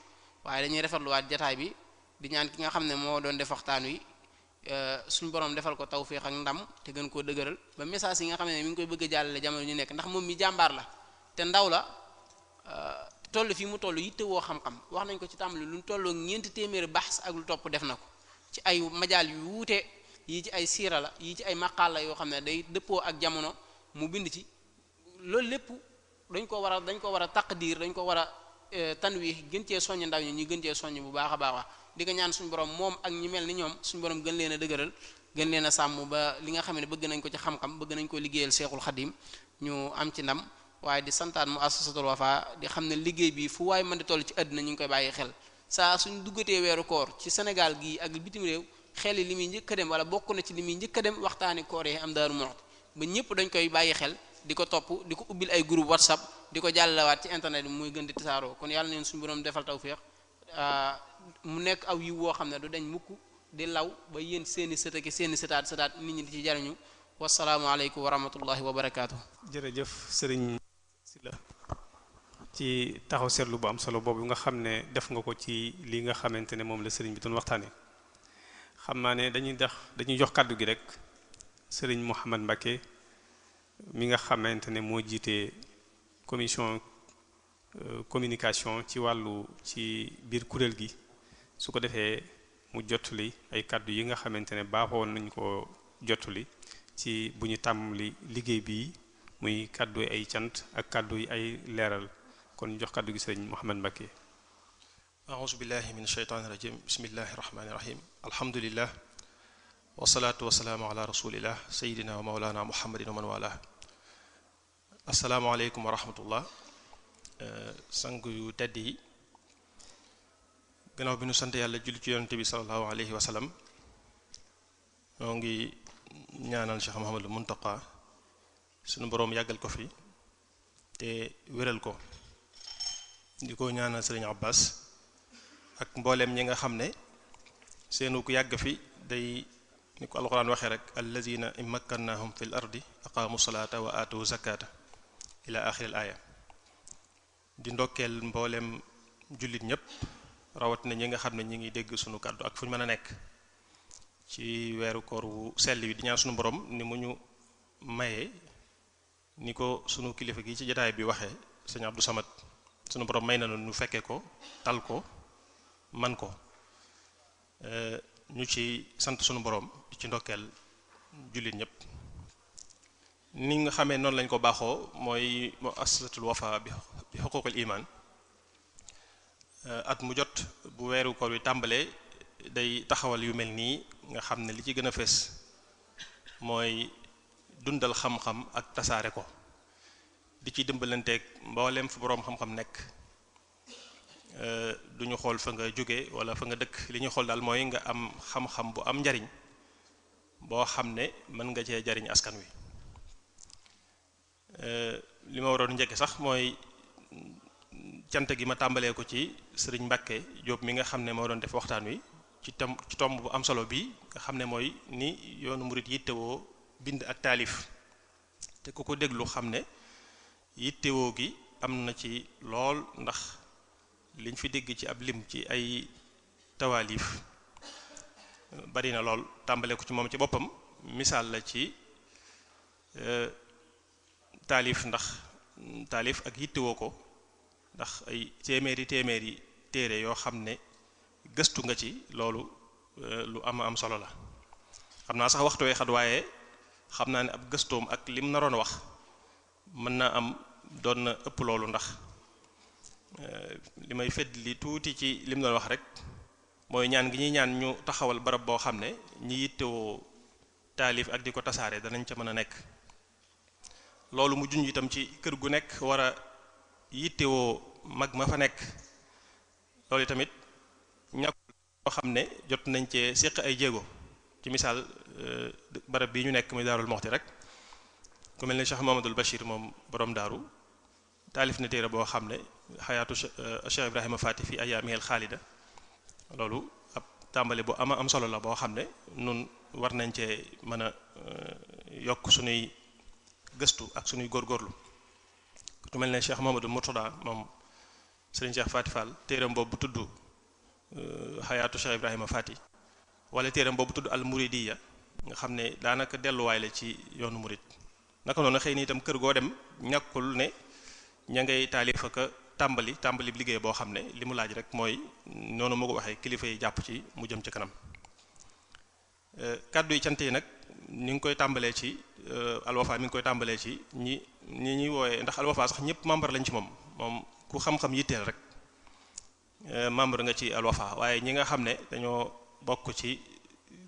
waaye dañuy rafetluwaat jataay bi di ñaan ki nga xam ne moo doon def wi Eh, suñu borom defal ko tawféex ak ndam te gën koo dëgëral ba message yi nga xam ne mi ngi koy bëgg a jàllale jamono ñu nekk ndax moom mi jàmbaar la te ndaw la eh, toll fii mu toll yitte woo xam-xam wax nañ ko ci tàmbali lu ñu tolloo ñeenti téeméeri baax ak lu topp def na ko ci ay majaal yu wuute yii ci ay siira la yii ci ay maqaal la yoo xam ne day dëppoo ak jamono mu bind ci loolu lépp dañ ko war a dañ ko war a diir dañ ko war a eh, tanwiix gën cee soññ ndaw ñi ñu gën cee soññ bu baax a baax di nga ñaan suñu borom moom ak ñi mel ni ñoom suñu borom gën leen a dëgëral gën leen a sàmm ba li nga xam ne bëgg nañ ko ci xam-xam bëgg nañ ko liggéeyal seexul xadim ñu am ci ndam waaye di santaat mu assasatul wafa di xam ne liggéey bi fu waaye mën di toll ci àddina ñu ngi koy bàyyi xel saa suñ duggatee weeru koor ci Sénégal gii ak bitim réew xel yi li muy njëkk a dem wala bokk na ci li muy njëkk a dem waxtaani koor yi am daaru moxti ba ñëpp dañ koy bàyyi xel di ko topp di ko ubbil ay groupe whatsapp di ko jàllalewaat ci internet bi muy gën di tasaaroo kon yàlla neen suñu borom defal tawféex mu nekk aw yiw woo xam ne du dañ mukk di law ba yéen seeni sët seeni sëtaat sëtaat nit ñi di ci jariñu wasalaamu aleykum wa rahmatullahi wa barakaatu. jërëjëf sëriñ Sylla ci taxaw seetlu bu am solo boobu nga xam ne def nga ko ci li nga xamante ne moom la sëriñ bi doon waxtaane xam naa ne dañuy dax dañuy jox kàddu gi rek sëriñ Mouhamad Mbacke mi nga xamante ne moo jiite commission. Euh, communication ci wàllu ci biir kuréel gi su ko defee mu jotli ay kàddu yi nga xamante ne baaxoon nañ ko jottali ci bu ñu tàmmali liggéey bi muy kàddu yi ay cant ak kàddu yi ay leeral kon jox kàddu gi sëriñ Mouhamed Mbacké a'uuzu billahi min shaytaani rajim bismillahi rahmaani rahim alhamdulillah wasalaatu wasalaamu ala rasulillah sayidina aleykum wa Euh, sang yu tedd yi gannaaw bi nu sant yàlla julli ci yonent bi sallallahu alayhi wa sallam ñoo ngi ñaanal Cheikh Mouhamadou Mountakha sunu boroom yàggal ko fi te wéral ko di ko ñaanal Serigne Abbas ak mbooleem ñi nga xam ne seenu yàgg fi day ni ko alxuraan waxee rek alladina immakkannahum fil ardi aqaamu salaata wa aatu zakata ila axiril aaya di ndokkeel mboolem jullit ñëpp rawat na ñi nga xam ne ñi ngi dégg sunu kàddu ak fu ñu mën a nekk ci weeru koor wu sell wi di ñaan sunu borom ni mu ñu maye ni ko sunu kilifa gi ci jataay bi waxee sëñ Abdou Samad sunu borom may na nu fekkee ko tal ko man ko ñu ci sant sunu boroom ci ndokkeel jullit ñëpp. ni nga xamee noonu lañ ko baaxoo mooy muassasatul wafa bi xuququl iman at mu jot bu weeru koor wi tàmbalee day taxawal yu mel nii nga xam ne li ci gën a fees mooy dundal xam-xam ak tasaare ko di ci dimbalanteeg mbooleem fu boroom xam-xam nekk du ñu xool fa nga jóge wala fa nga dëkk li ñu xool daal mooy nga am xam-xam bu am njariñ boo xam ne mën nga cee jariñ askan wi Euh, li ma waroon njëkk sax mooy cant gi ma tàmbalee ko ci sëriñ Mbacke Diop mi nga xam ne moo doon def waxtaan wi ci tam ci tomb bu am solo bi nga xam ne mooy ni yoonu murit yittewoo bind ak taalif te ku ko déglu xam ne yittewoo gi am na ci lool ndax liñ fi dégg ci ab lim ci ay tawaalif bari na lool tàmbalee ko ci moom ci boppam misaal la ci euh, taalif ndax mm, taalif ak yittewoo ko ndax ay téeméeri téeméeri téere yoo xam ne gëstu nga ci loolu euh, lu am am solo la xam naa sax waxtu xat waaye xam naa ne ab gëstoom ak lim naroon wax mën naa am doon na ëpp loolu ndax euh, li may fedd li tuuti ci lim doon wax rek mooy ñaan gi ñuy ñaan ñu taxawal barab boo xam ne ñi yittewoo taalif ak di ko tasaare danañ ca mën a nekk loolu mu junj itam ci kër gu nekk war a yittewoo mag ma fa nekk loolu tamit ñàkkul boo xam ne jot nañ cee séq ay jéego ci misaal euh, barab bi ñu nekk muy daarul moxti rek ku mel ne Cheikh Mamadul Bachir moom boroom daaru taalif na téere boo xam ne xayaatu euh, Cheikh Ibrahima Fati fi ayaamihil xaalida loolu ab tàmbali bu ama am solo la boo xam ne nun war nañ cee mën a euh, yokk sunuy gëstu ak suñuy góorgóorlu ku mel ne Cheikh Mamadou Mourtada moom Serigne Cheikh Fati Fall téeram boobu tudd xayaatu euh, Cheikh Ibrahima faati wala téeram boobu tudd al Muridiya nga xam ne daanaka delluwaay la ci yoonu murid naka noonu xëy na itam kër goo dem ñàkkul ne ña ngay taalifa ka tàmbali tàmbali liggéey boo xam ne li mu laaj rek mooy noonu ma ko waxee kilifa yi jàpp ci mu jëm ci kanam euh, kàddu yi yi nag ni ngi koy tàmbalee ci euh, alwafa mi ngi koy tàmbalee ci ñi ñi ñuy wooyee ndax alwafa sax ñëpp membre lañ ci moom moom ku xam-xam yitteel rek euh, membre nga ci alwafa waaye ñi nga xam ne dañoo bokk ci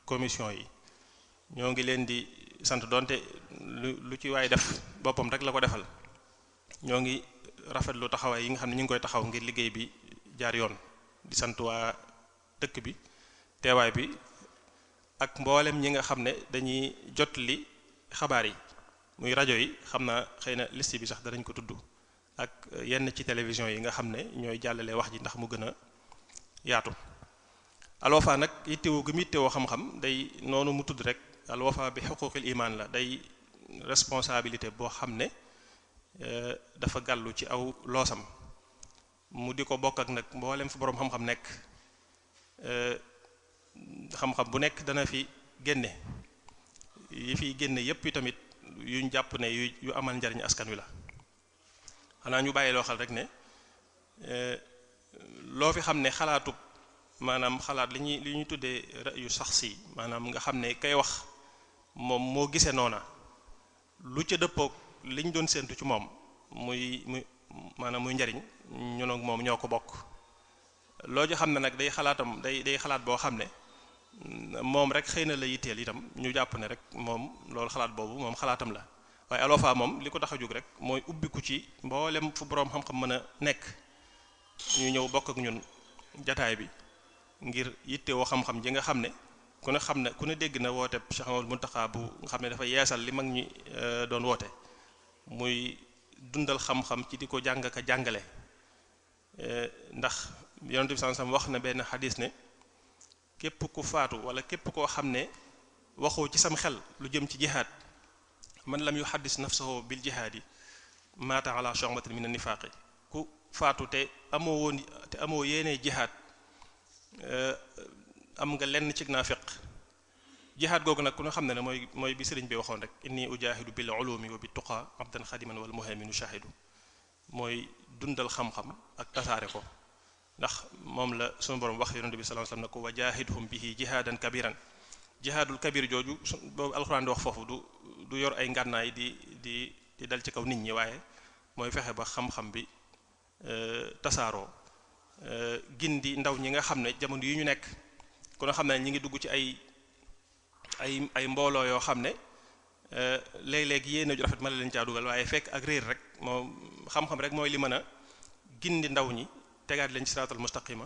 commission yi ñoo ngi leen di sant donte lu lu ci waay def boppam rek la ko defal ñoo ngi rafetlu taxawaay yi nga xam ne ñu ngi koy taxaw ngir liggéey bi jaar yoon di sant waa dëkk bi teewaay bi ak mboolem ñi nga xam ne dañuy jot li xabaar yi muy rajo yi xam naa xëy na liste bi sax danañ ko tudd ak yenn ci télévision yi nga xam ne ñooy jàllale wax ji ndax mu gën a yaatu alwafa nag yittewoo gi mu yittewoo xam-xam day noonu mu tudd rek alwafa bi xuquqil iman la day responsabilité boo xam ne eh, dafa gàllu ci aw loosam mu di ko bokk ak nag mboolem fu boroom xam-xam nekk eh, xam-xam bu nekk dana fi génne yi fi génne yépp yi tamit yuñ jàpp ne yu yu amal njariñ askan wi la xanaa ñu bàyyi loo xel rek ne e, loo fi xam ne xalaatub maanaam xalaat li ñuy li ñuy tuddee yu sax si maanaam nga xam ne kay wax moom moo gisee noona lu ca dëppook liñ doon séentu ci moom muy muy maanaam muy njariñ ñun ak moom ñoo ko bokk loo ci xam ne nag day xalaatam day day xalaat boo xam ne moom rek xëy na la yitteel itam ñu jàpp ne rek moom loolu xalaat boobu moom xalaatam la waaye Alwafa moom li ko tax a jóg rek mooy ubbiku ci mboolem fu boroom xam-xam mën nekk ñu ñëw bokk ak ñun jataay bi ngir yittewoo xam-xam ji nga xam ne ku ne xam ne ku ne dégg na woote Cheikh Amadou Mountakha bu nga xam ne dafa yeesal li mag ñi euh, doon woote muy dundal xam ci di ko jàngaka jàngale euh, ndax yonent bi sallallahu alayhi wax na benn xadis ne képp ku faatu wala képp koo xam ne waxoo ci sam xel lu jëm ci jihaad man lam yu xaddis nafsahu bil jihaad yi maata ala shu'batin min an-nifaaqi ku faatu te amoo te amoo yéene jihaad eh, am nga lenn naa naafiq jihaad googu nag ku nga xam ne ne mooy mooy bi sëriñ bi waxoon rek inni ujahidu bil ulumi wa bit tuqa abdan xadiman wal muhaymin shahidu mooy dundal xam-xam ak tasaare ko ndax moom la suñu borom wax yonent bi sallallahu alayhi wasallam ne ko bi jaahidhum bihi jihaadan kabiran jihaadul kabir jooju su boobu alxuraan di wax foofu du du yor ay ngànnaay di di di dal ci kaw nit ñi waaye mooy fexe ba xam-xam bi euh, tasaaroo euh, gindi ndaw ñi nga xam ne jamono yi ñu nekk kon xam ne ñi ngi dugg ci ay ay ay mbooloo yoo xam ne euh, léeg-léeg yéen ju rafet ma la leen caa dugal waaye fekk ak réer rek moom xam-xam rek mooy li mën a gindi ndaw ñi tegaat leen ci siraatal mustaqima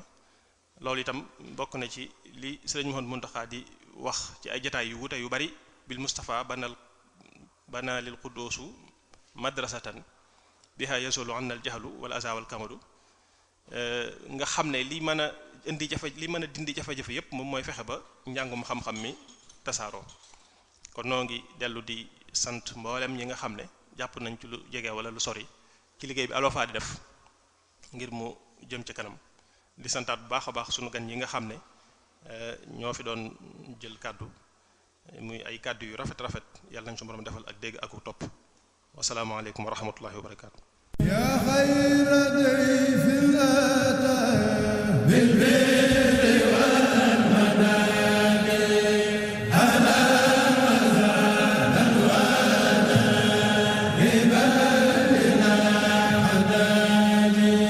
loolu itam bokk na ci li sëriñ Mouhamed Mountakha di wax ci ay jataay yu wute yu bari bil Mustafa banal banalil quddoosu madrasatan biha yasulu anna al jahlu wal aza wal kamadu nga xam ne li mën a indi jafe li mën a dindi jafe-jafe yépp moom mooy fexe ba njàngum xam-xam mi tasaaroo kon noo ngi dellu di sant mboolem ñi nga xam ne jàpp nañ ci lu jege wala lu sori ci liggéey bi Al di def ngir mu jëm ci kanam di santaat bu baax a baax sunu gan yi nga xam ne eh, ñoo fi doon jël kàddu muy ay kàddu yu rafet rafet yàlla nañ su borom defal ak dégg ak topp wasalaamaaleykum wa rahmatullahi wa barakaatu.